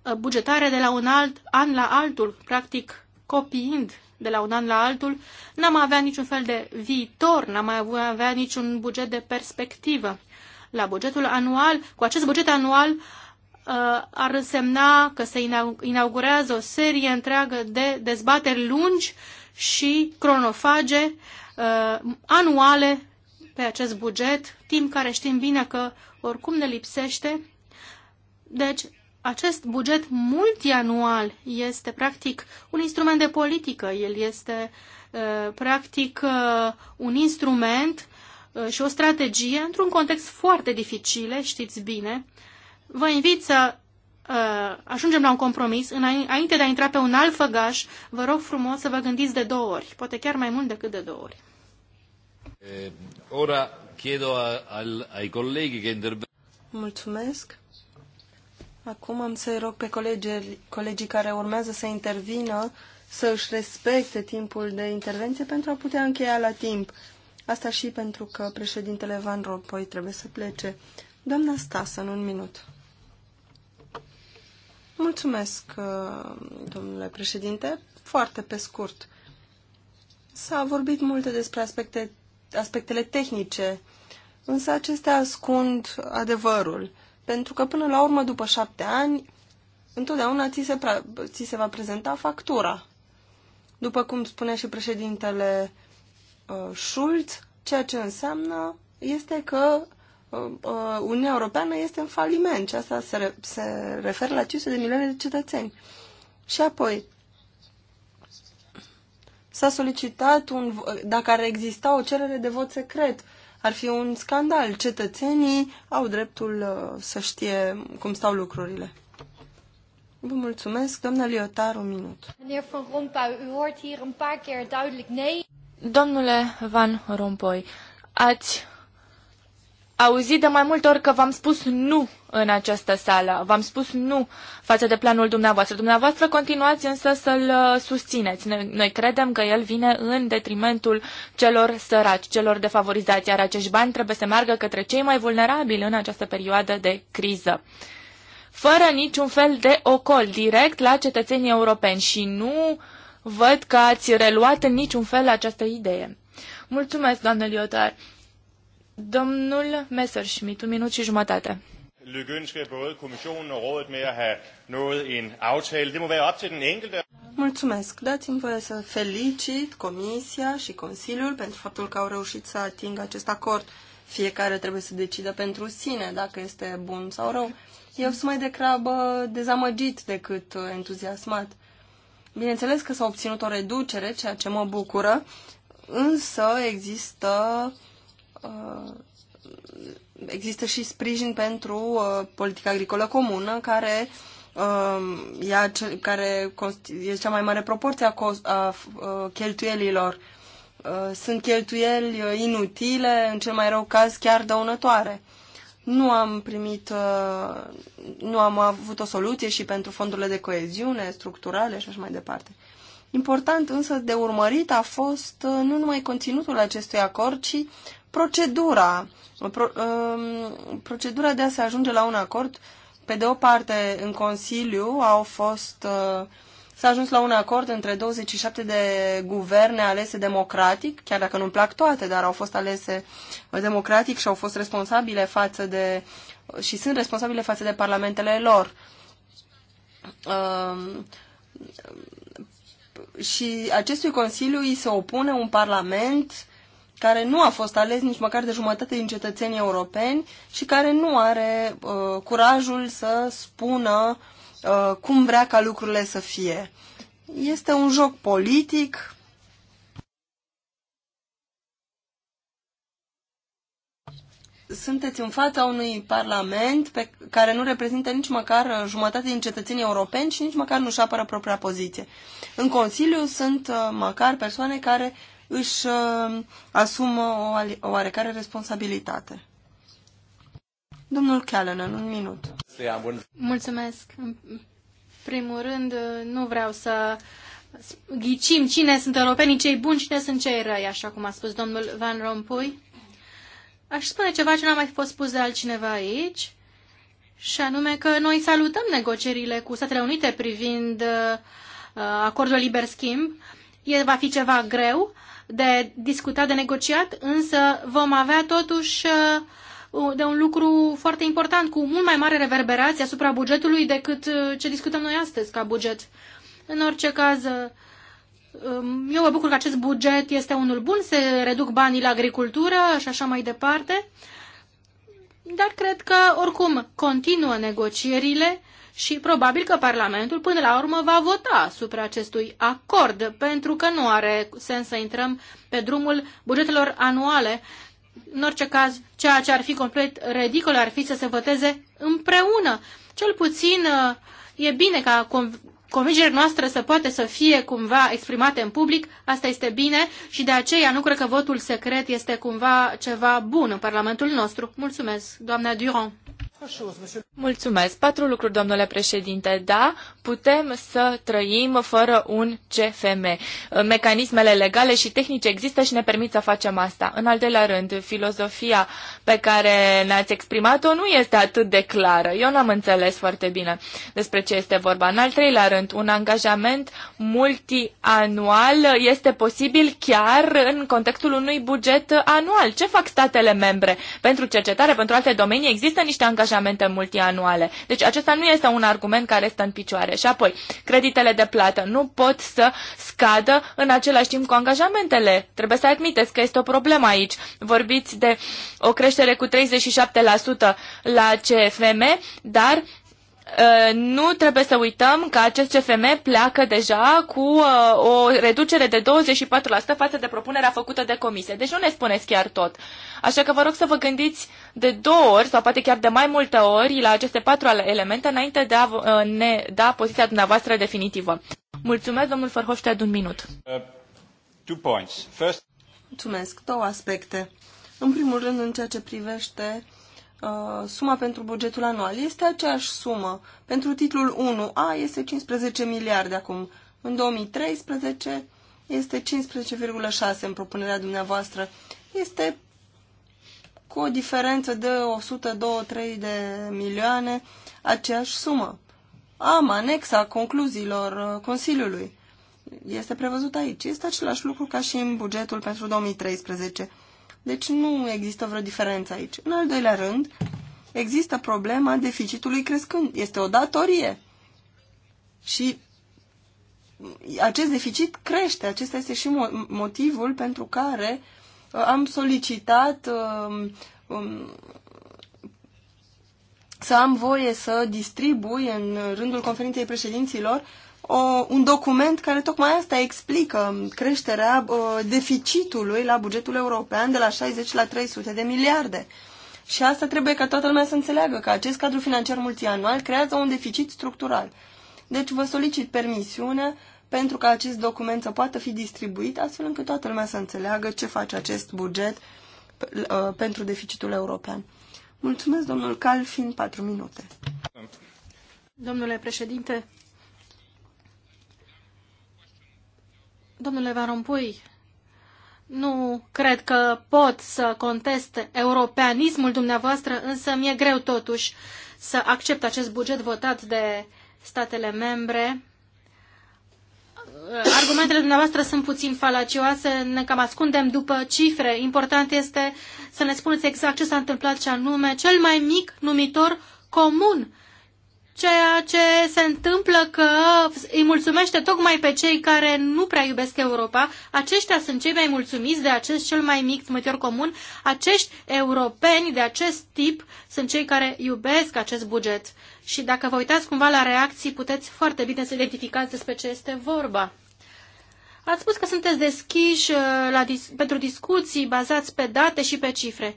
Speaker 2: uh, bugetare de la un alt an la altul, practic copiind de la un an la altul, n-am avea niciun fel de viitor, n-am mai avea niciun buget de perspectivă. La bugetul anual, cu acest buget anual, uh, Uh, ar însemna că se inaugurează o serie întreagă de dezbateri lungi și cronofage uh, anuale pe acest buget, timp care știm bine că oricum ne lipsește. Deci, acest buget multianual este practic un instrument de politică, el este uh, practic un instrument și o strategie într-un context foarte dificil, știți bine, vă invit să uh, ajungem la un compromis. Înainte de a intra pe un alt făgaș, vă rog frumos să vă gândiți de două ori, poate chiar mai mult
Speaker 3: decât de două ori.
Speaker 1: Eh, ora chiedo a, al, ai colleghi che intervengono.
Speaker 3: Mulțumesc. Acum am să-i rog pe colegii, colegii care urmează să intervină să își respecte timpul de intervenție pentru a putea încheia la timp. Asta și pentru că președintele Van Rompuy trebuie să plece. Doamna Stasă, în un minut. Mulțumesc, uh, domnule președinte. Foarte pe scurt. S-a vorbit multe despre aspecte, aspectele tehnice, însă acestea ascund adevărul. Pentru că, până la urmă, după șapte ani, întotdeauna ți se, ți se va prezenta factura. După cum spunea și președintele uh, Schulz, ceea ce înseamnă este că Uh, uh, Uniunea Europeană este în faliment și asta se, re, se referă la 500 de milioane de cetățeni. Și apoi, s-a solicitat un, dacă ar exista o cerere de vot secret, ar fi un scandal. Cetățenii au dreptul uh, să știe cum stau lucrurile. Vă mulțumesc, doamna Liotar, un minut.
Speaker 2: Van
Speaker 4: Domnule Van Rompuy, ați auzit de mai multe ori că v-am spus nu în această sală, v-am spus nu față de planul dumneavoastră. Dumneavoastră continuați însă să-l uh, susțineți. Noi, noi credem că el vine în detrimentul celor săraci, celor defavorizați, iar acești bani trebuie să meargă către cei mai vulnerabili în această perioadă de criză fără niciun fel de ocol, direct la cetățenii europeni și nu văd că ați reluat în niciun fel această idee. Mulțumesc, doamnă Liotar. Domnul Messerschmidt, un
Speaker 3: minut și jumătate. Lykønske både kommissionen og rådet med at have nået en aftale. Det må være op til den enkelte. Mulțumesc. Dați-mi voie să felicit Comisia și Consiliul pentru faptul că au reușit să atingă acest acord. Fiecare trebuie să decidă pentru sine dacă este bun sau rău. Eu sunt mai degrabă dezamăgit decât entuziasmat. Bineînțeles că s-a obținut o reducere, ceea ce mă bucură, însă există Uh, există și sprijin pentru uh, politica agricolă comună, care ea um, ce, care e cea mai mare proporție a, cost, a uh, cheltuielilor. Sunt cheltuieli inutile, în cel mai rău caz chiar dăunătoare. Nu am primit, nu am avut o soluție și pentru fondurile de coeziune, structurale și așa mai departe. Important însă de urmărit a fost nu numai conținutul acestui acord, ci procedura, pro, um, procedura de a se ajunge la un acord, pe de o parte, în Consiliu au fost uh, s-a ajuns la un acord între 27 de guverne alese democratic, chiar dacă nu-mi plac toate, dar au fost alese uh, democratic și au fost responsabile față de și sunt responsabile față de parlamentele lor. Uh, și acestui Consiliu îi se opune un parlament care nu a fost ales nici măcar de jumătate din cetățenii europeni și care nu are uh, curajul să spună uh, cum vrea ca lucrurile să fie. Este un joc politic. Sunteți în fața unui parlament pe care nu reprezintă nici măcar jumătate din cetățenii europeni și nici măcar nu-și apără propria poziție. În Consiliu sunt uh, măcar persoane care uh, își uh, asumă o oarecare responsabilitate.
Speaker 2: Domnul în un minut. Mulțumesc. În primul rând, nu vreau să ghicim cine sunt europenii cei buni, cine sunt cei răi, așa cum a spus domnul Van Rompuy. Aș spune ceva ce n-a mai fost spus de altcineva aici, și anume că noi salutăm negocierile cu Statele Unite privind uh, acordul liber schimb. El va fi ceva greu, de discutat, de negociat, însă vom avea totuși uh, de un lucru foarte important, cu mult mai mare reverberație asupra bugetului decât uh, ce discutăm noi astăzi ca buget. În orice caz, uh, um, eu mă bucur că acest buget este unul bun, se reduc banii la agricultură și așa mai departe, dar cred că, oricum, continuă negocierile și probabil că Parlamentul până la urmă va vota asupra acestui acord, pentru că nu are sens să intrăm pe drumul bugetelor anuale. În orice caz, ceea ce ar fi complet ridicol ar fi să se voteze împreună. Cel puțin uh, e bine ca convingerea noastră să poate să fie cumva exprimate în public, asta este bine și de aceea nu cred că votul secret este cumva ceva bun în Parlamentul nostru. Mulțumesc, doamna Durand.
Speaker 4: Mulțumesc. Patru lucruri, domnule președinte. Da, putem să trăim fără un CFM. Mecanismele legale și tehnice există și ne permit să facem asta. În al doilea rând, filozofia pe care ne-ați exprimat-o nu este atât de clară. Eu n-am înțeles foarte bine despre ce este vorba. În al treilea rând, un angajament multianual este posibil chiar în contextul unui buget anual. Ce fac statele membre pentru cercetare, pentru alte domenii? Există niște angajamente angajamente multianuale. Deci acesta nu este un argument care stă în picioare. Și apoi, creditele de plată nu pot să scadă în același timp cu angajamentele. Trebuie să admiteți că este o problemă aici. Vorbiți de o creștere cu 37% la CFM, dar Uh, nu trebuie să uităm că acest CFM pleacă deja cu uh, o reducere de 24% față de propunerea făcută de comisie. Deci nu ne spuneți chiar tot. Așa că vă rog să vă gândiți de două ori sau poate chiar de mai multe ori la aceste patru elemente înainte de a uh, ne da poziția dumneavoastră
Speaker 3: definitivă. Mulțumesc, domnul Fărhoștea, de un minut.
Speaker 1: Uh, two points. First...
Speaker 3: Mulțumesc. Două aspecte. În primul rând, în ceea ce privește Uh, suma pentru bugetul anual este aceeași sumă. Pentru titlul 1A este 15 miliarde acum. În 2013 este 15,6 în propunerea dumneavoastră. Este cu o diferență de 102 de milioane aceeași sumă. Am anexa concluziilor uh, Consiliului. Este prevăzut aici. Este același lucru ca și în bugetul pentru 2013. Deci nu există vreo diferență aici. În al doilea rând, există problema deficitului crescând. Este o datorie. Și acest deficit crește. Acesta este și motivul pentru care uh, am solicitat um, um, să am voie să distribui în rândul conferinței președinților o, un document care tocmai asta explică creșterea uh, deficitului la bugetul european de la 60 la 300 de miliarde. Și asta trebuie ca toată lumea să înțeleagă că acest cadru financiar multianual creează un deficit structural. Deci vă solicit permisiunea pentru ca acest document să poată fi distribuit astfel încât toată lumea să înțeleagă ce face acest buget uh, pentru deficitul european. Mulțumesc, domnul Calfin, patru minute.
Speaker 2: Domnule președinte, Domnule Van Rompuy, nu cred că pot să contest europeanismul dumneavoastră, însă mi-e greu totuși să accept acest buget votat de statele membre. Argumentele dumneavoastră sunt puțin falacioase, ne cam ascundem după cifre. Important este să ne spuneți exact ce s-a întâmplat și anume cel mai mic numitor comun ceea ce se întâmplă că îi mulțumește tocmai pe cei care nu prea iubesc Europa. Aceștia sunt cei mai mulțumiți de acest cel mai mic mătior comun. Acești europeni de acest tip sunt cei care iubesc acest buget. Și dacă vă uitați cumva la reacții, puteți foarte bine să identificați despre ce este vorba. Ați spus că sunteți deschiși uh, la dis- pentru discuții bazați pe date și pe cifre.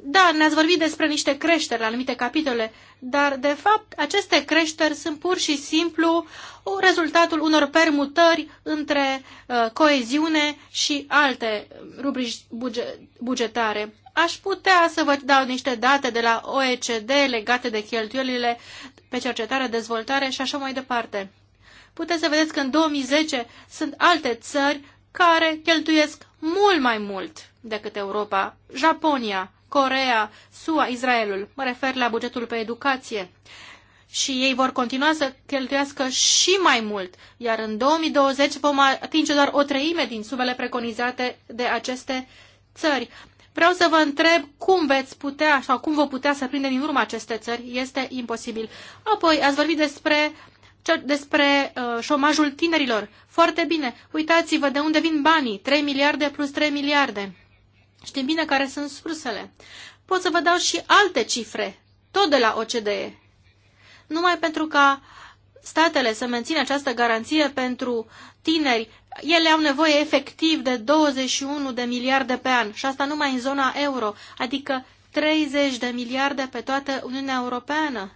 Speaker 2: Da, ne-ați vorbit despre niște creșteri la anumite capitole, dar, de fapt, aceste creșteri sunt pur și simplu rezultatul unor permutări între uh, coeziune și alte rubrici buge bugetare. Aș putea să vă dau niște date de la OECD legate de cheltuielile pe cercetare, dezvoltare și așa mai departe. Puteți să vedeți că în 2010 sunt alte țări care cheltuiesc mult mai mult decât Europa. Japonia, Corea, SUA, Israelul. Mă refer la bugetul pe educație. Și ei vor continua să cheltuiască și mai mult, iar în 2020 vom atinge doar o treime din sumele preconizate de aceste țări. Vreau să vă întreb cum veți putea sau cum vă putea să prinde din urmă aceste țări. Este imposibil. Apoi ați vorbit despre despre uh, șomajul tinerilor. Foarte bine. Uitați-vă de unde vin banii. 3 miliarde plus 3 miliarde. Știm bine care sunt sursele. Pot să vă dau și alte cifre, tot de la OCDE. Numai pentru ca statele să mențină această garanție pentru tineri, ele au nevoie efectiv de 21 de miliarde pe an și asta numai în zona euro, adică 30 de miliarde pe toată Uniunea Europeană.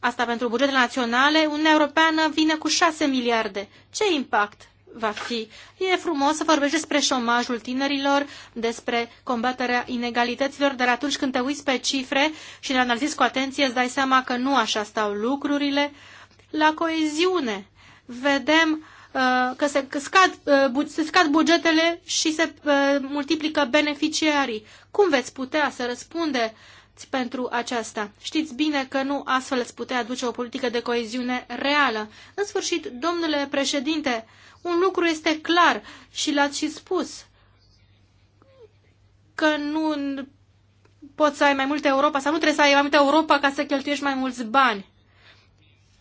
Speaker 2: Asta pentru bugetele naționale, Uniunea Europeană vine cu 6 miliarde. Ce impact va fi. E frumos să vorbești despre șomajul tinerilor, despre combaterea inegalităților, dar atunci când te uiți pe cifre și le analizezi cu atenție, îți dai seama că nu așa stau lucrurile. La coeziune vedem uh, că se scad, uh, se scad bugetele și se uh, multiplică beneficiarii. Cum veți putea să răspunde pentru aceasta. Știți bine că nu astfel îți putea aduce o politică de coeziune reală. În sfârșit, domnule președinte, un lucru este clar și l-ați și spus, că nu poți să ai mai multă Europa sau nu trebuie să ai mai multă Europa ca să cheltuiești mai mulți bani.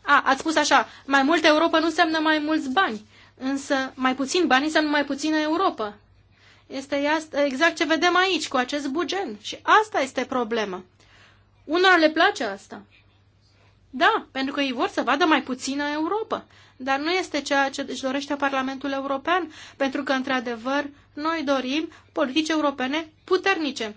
Speaker 2: A, ați spus așa, mai multă Europa nu înseamnă mai mulți bani, însă mai puțin bani înseamnă mai puțină Europa. Este exact ce vedem aici cu acest buget și asta este problema. Unora le place asta. Da, pentru că ei vor să vadă mai puțină Europa dar nu este ceea ce își dorește Parlamentul European, pentru că, într-adevăr, noi dorim politici europene puternice.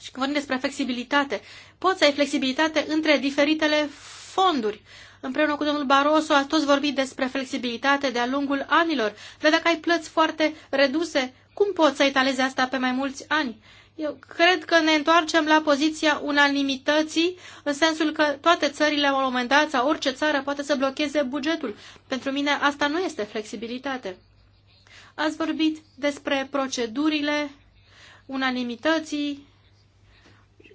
Speaker 2: Și când vorbim despre flexibilitate, poți să ai flexibilitate între diferitele fonduri. Împreună cu domnul Barroso a toți vorbit despre flexibilitate de-a lungul anilor, dar dacă ai plăți foarte reduse, cum poți să etalezi asta pe mai mulți ani? Eu cred că ne întoarcem la poziția unanimității, în sensul că toate țările, la un moment dat, sau orice țară poate să blocheze bugetul. Pentru mine asta nu este flexibilitate. Ați vorbit despre procedurile unanimității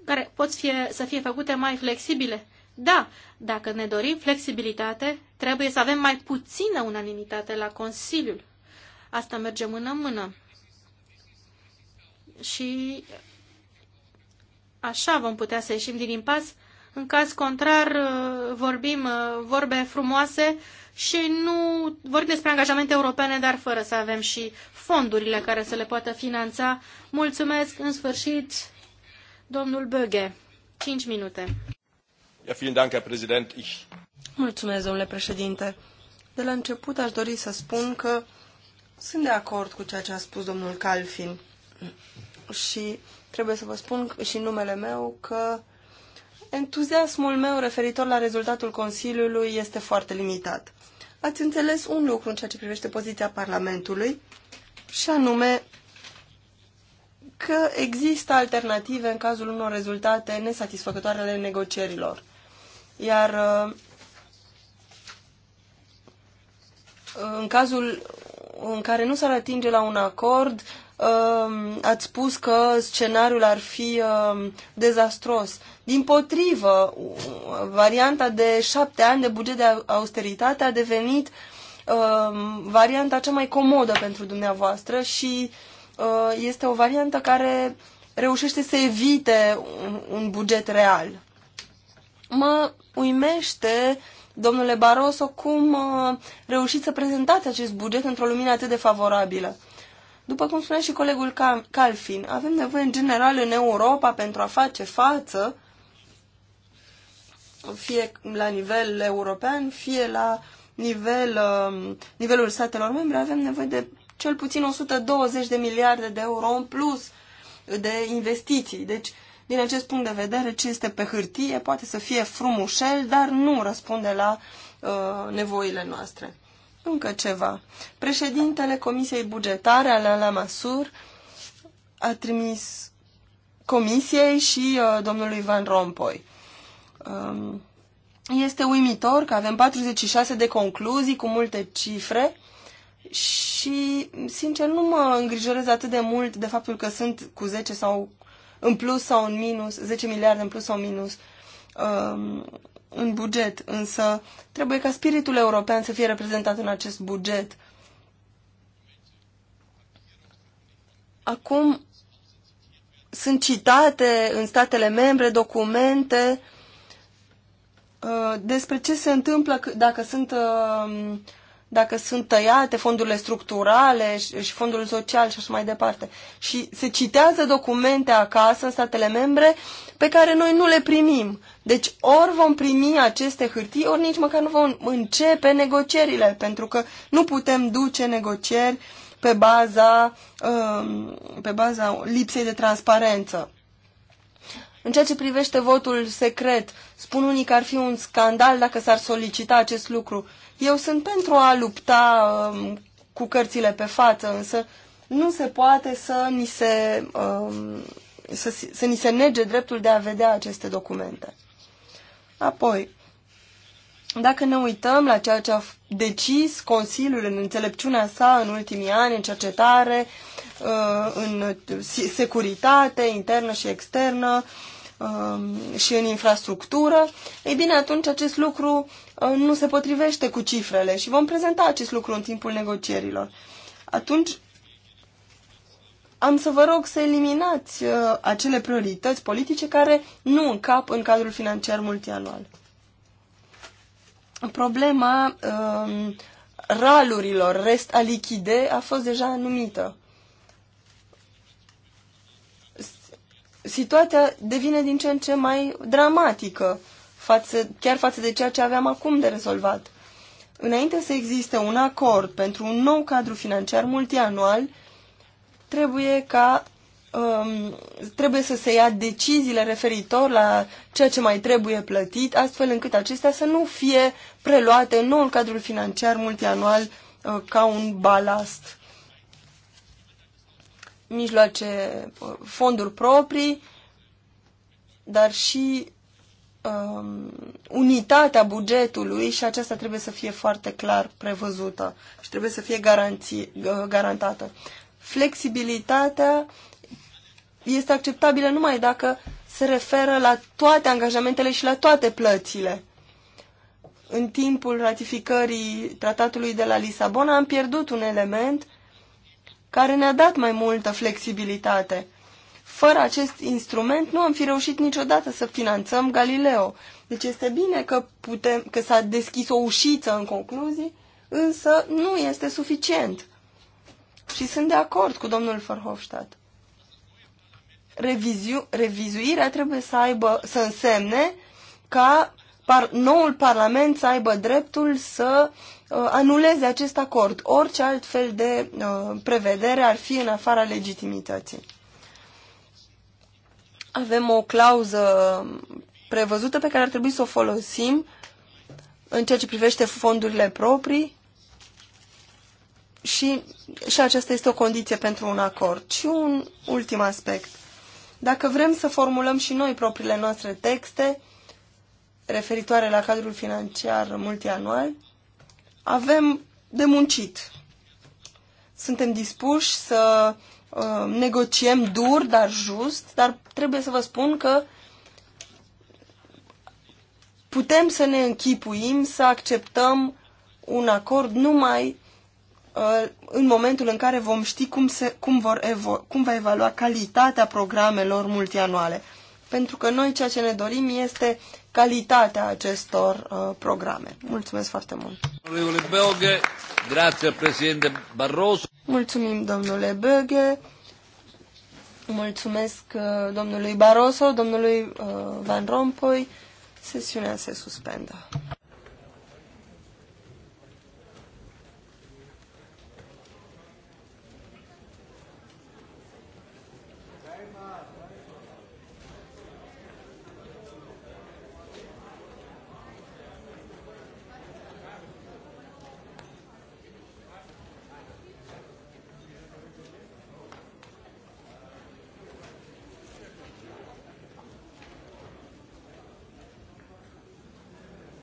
Speaker 2: care pot fie, să fie făcute mai flexibile. Da, dacă ne dorim flexibilitate, trebuie să avem mai puțină unanimitate la Consiliul. Asta merge mână-mână și așa vom putea să ieșim din impas. În caz contrar, uh, vorbim uh, vorbe frumoase și nu vorbim despre angajamente europene, dar fără să avem și fondurile care să le poată finanța. Mulțumesc, în sfârșit,
Speaker 3: domnul Böge. 5 minute. Ja, vielen Dank, Herr Präsident. Ich... Mulțumesc, domnule președinte. De la început aș dori să spun că sunt de acord cu ceea ce a spus domnul Calfin și trebuie să vă spun și numele meu că entuziasmul meu referitor la rezultatul Consiliului este foarte limitat. Ați înțeles un lucru în ceea ce privește poziția Parlamentului și anume că există alternative în cazul unor rezultate nesatisfăcătoare ale negocierilor. Iar uh, în cazul în care nu s-ar atinge la un acord, Um, ați spus că scenariul ar fi um, dezastros. Din potrivă, varianta de șapte ani de buget de austeritate a devenit um, varianta cea mai comodă pentru dumneavoastră și uh, este o variantă care reușește să evite un buget real. Mă uimește, domnule Barroso, cum uh, reușiți să prezentați acest buget într-o lumină atât de favorabilă după cum spunea și colegul Calfin, avem nevoie în general în Europa pentru a face față fie la nivel european, fie la nivel, um, nivelul statelor membre, avem nevoie de cel puțin 120 de miliarde de euro în plus de investiții. Deci, din acest punct de vedere, ce este pe hârtie poate să fie frumușel, dar nu răspunde la uh, nevoile noastre. Încă ceva. Președintele Comisiei Bugetare, Alain Lamassur, a trimis Comisiei și uh, domnului Van Rompuy. Um, este uimitor că avem 46 de concluzii cu multe cifre și, sincer, nu mă îngrijorez atât de mult de faptul că sunt cu 10 sau în plus sau în minus, 10 miliarde în plus sau în minus. Um, în buget, însă trebuie ca spiritul european să fie reprezentat în acest buget. Acum sunt citate în statele membre documente uh, despre ce se întâmplă dacă sunt uh, dacă sunt tăiate fondurile structurale și fondul social și așa mai departe. Și se citează documente acasă în statele membre pe care noi nu le primim. Deci ori vom primi aceste hârtii, ori nici măcar nu vom începe negocierile, pentru că nu putem duce negocieri pe baza, um, pe baza lipsei de transparență. În ceea ce privește votul secret, spun unii că ar fi un scandal dacă s-ar solicita acest lucru. Eu sunt pentru a lupta um, cu cărțile pe față, însă nu se poate să ni se, um, să, să ni se nege dreptul de a vedea aceste documente. Apoi, dacă ne uităm la ceea ce a decis Consiliul în înțelepciunea sa în ultimii ani, în cercetare, uh, Uh, în securitate internă și externă um, și în infrastructură, ei bine, atunci acest lucru uh, nu se potrivește cu cifrele și vom prezenta acest lucru în timpul negocierilor. Atunci am să vă rog să eliminați uh, acele priorități politice care nu încap în cadrul financiar multianual. Problema um, ralurilor, rest a lichide, a fost deja numită. situația devine din ce în ce mai dramatică, față, chiar față de ceea ce aveam acum de rezolvat. Înainte să existe un acord pentru un nou cadru financiar multianual, trebuie ca um, trebuie să se ia deciziile referitor la ceea ce mai trebuie plătit, astfel încât acestea să nu fie preluate în noul cadru financiar multianual uh, ca un balast mijloace, fonduri proprii, dar și um, unitatea bugetului și aceasta trebuie să fie foarte clar prevăzută și trebuie să fie garanții, uh, garantată. Flexibilitatea este acceptabilă numai dacă se referă la toate angajamentele și la toate plățile. În timpul ratificării tratatului de la Lisabona am pierdut un element uh, care ne-a dat mai multă flexibilitate. Fără acest instrument nu am fi reușit niciodată să finanțăm Galileo. Deci este bine că, putem, că s-a deschis o ușiță în concluzii, însă nu este suficient. Și sunt de acord cu domnul Verhofstadt. Reviziu, revizuirea trebuie să, aibă, să însemne ca par, noul Parlament să aibă dreptul să Uh, anuleze acest acord. Orice alt fel de uh, prevedere ar fi în afara legitimității. Avem o clauză prevăzută pe care ar trebui să o folosim în ceea ce privește fondurile proprii și, și aceasta este o condiție pentru un acord. Și un ultim aspect. Dacă vrem să formulăm și noi propriile noastre texte referitoare la cadrul financiar multianual, avem de muncit. Suntem dispuși să uh, negociem dur, dar just, dar trebuie să vă spun că putem să ne închipuim, să acceptăm un acord numai uh, în momentul în care vom ști cum, se, cum, vor cum va evalua calitatea programelor multianuale. Pentru că noi ceea ce ne dorim este uh, calitatea acestor uh, programe. Mulțumesc foarte mult!
Speaker 1: Grazie, președinte Barroso.
Speaker 3: Mulțumim, domnule Böge. Mulțumesc uh, domnului Barroso, domnului uh, Van Rompuy. Sesiunea se suspendă.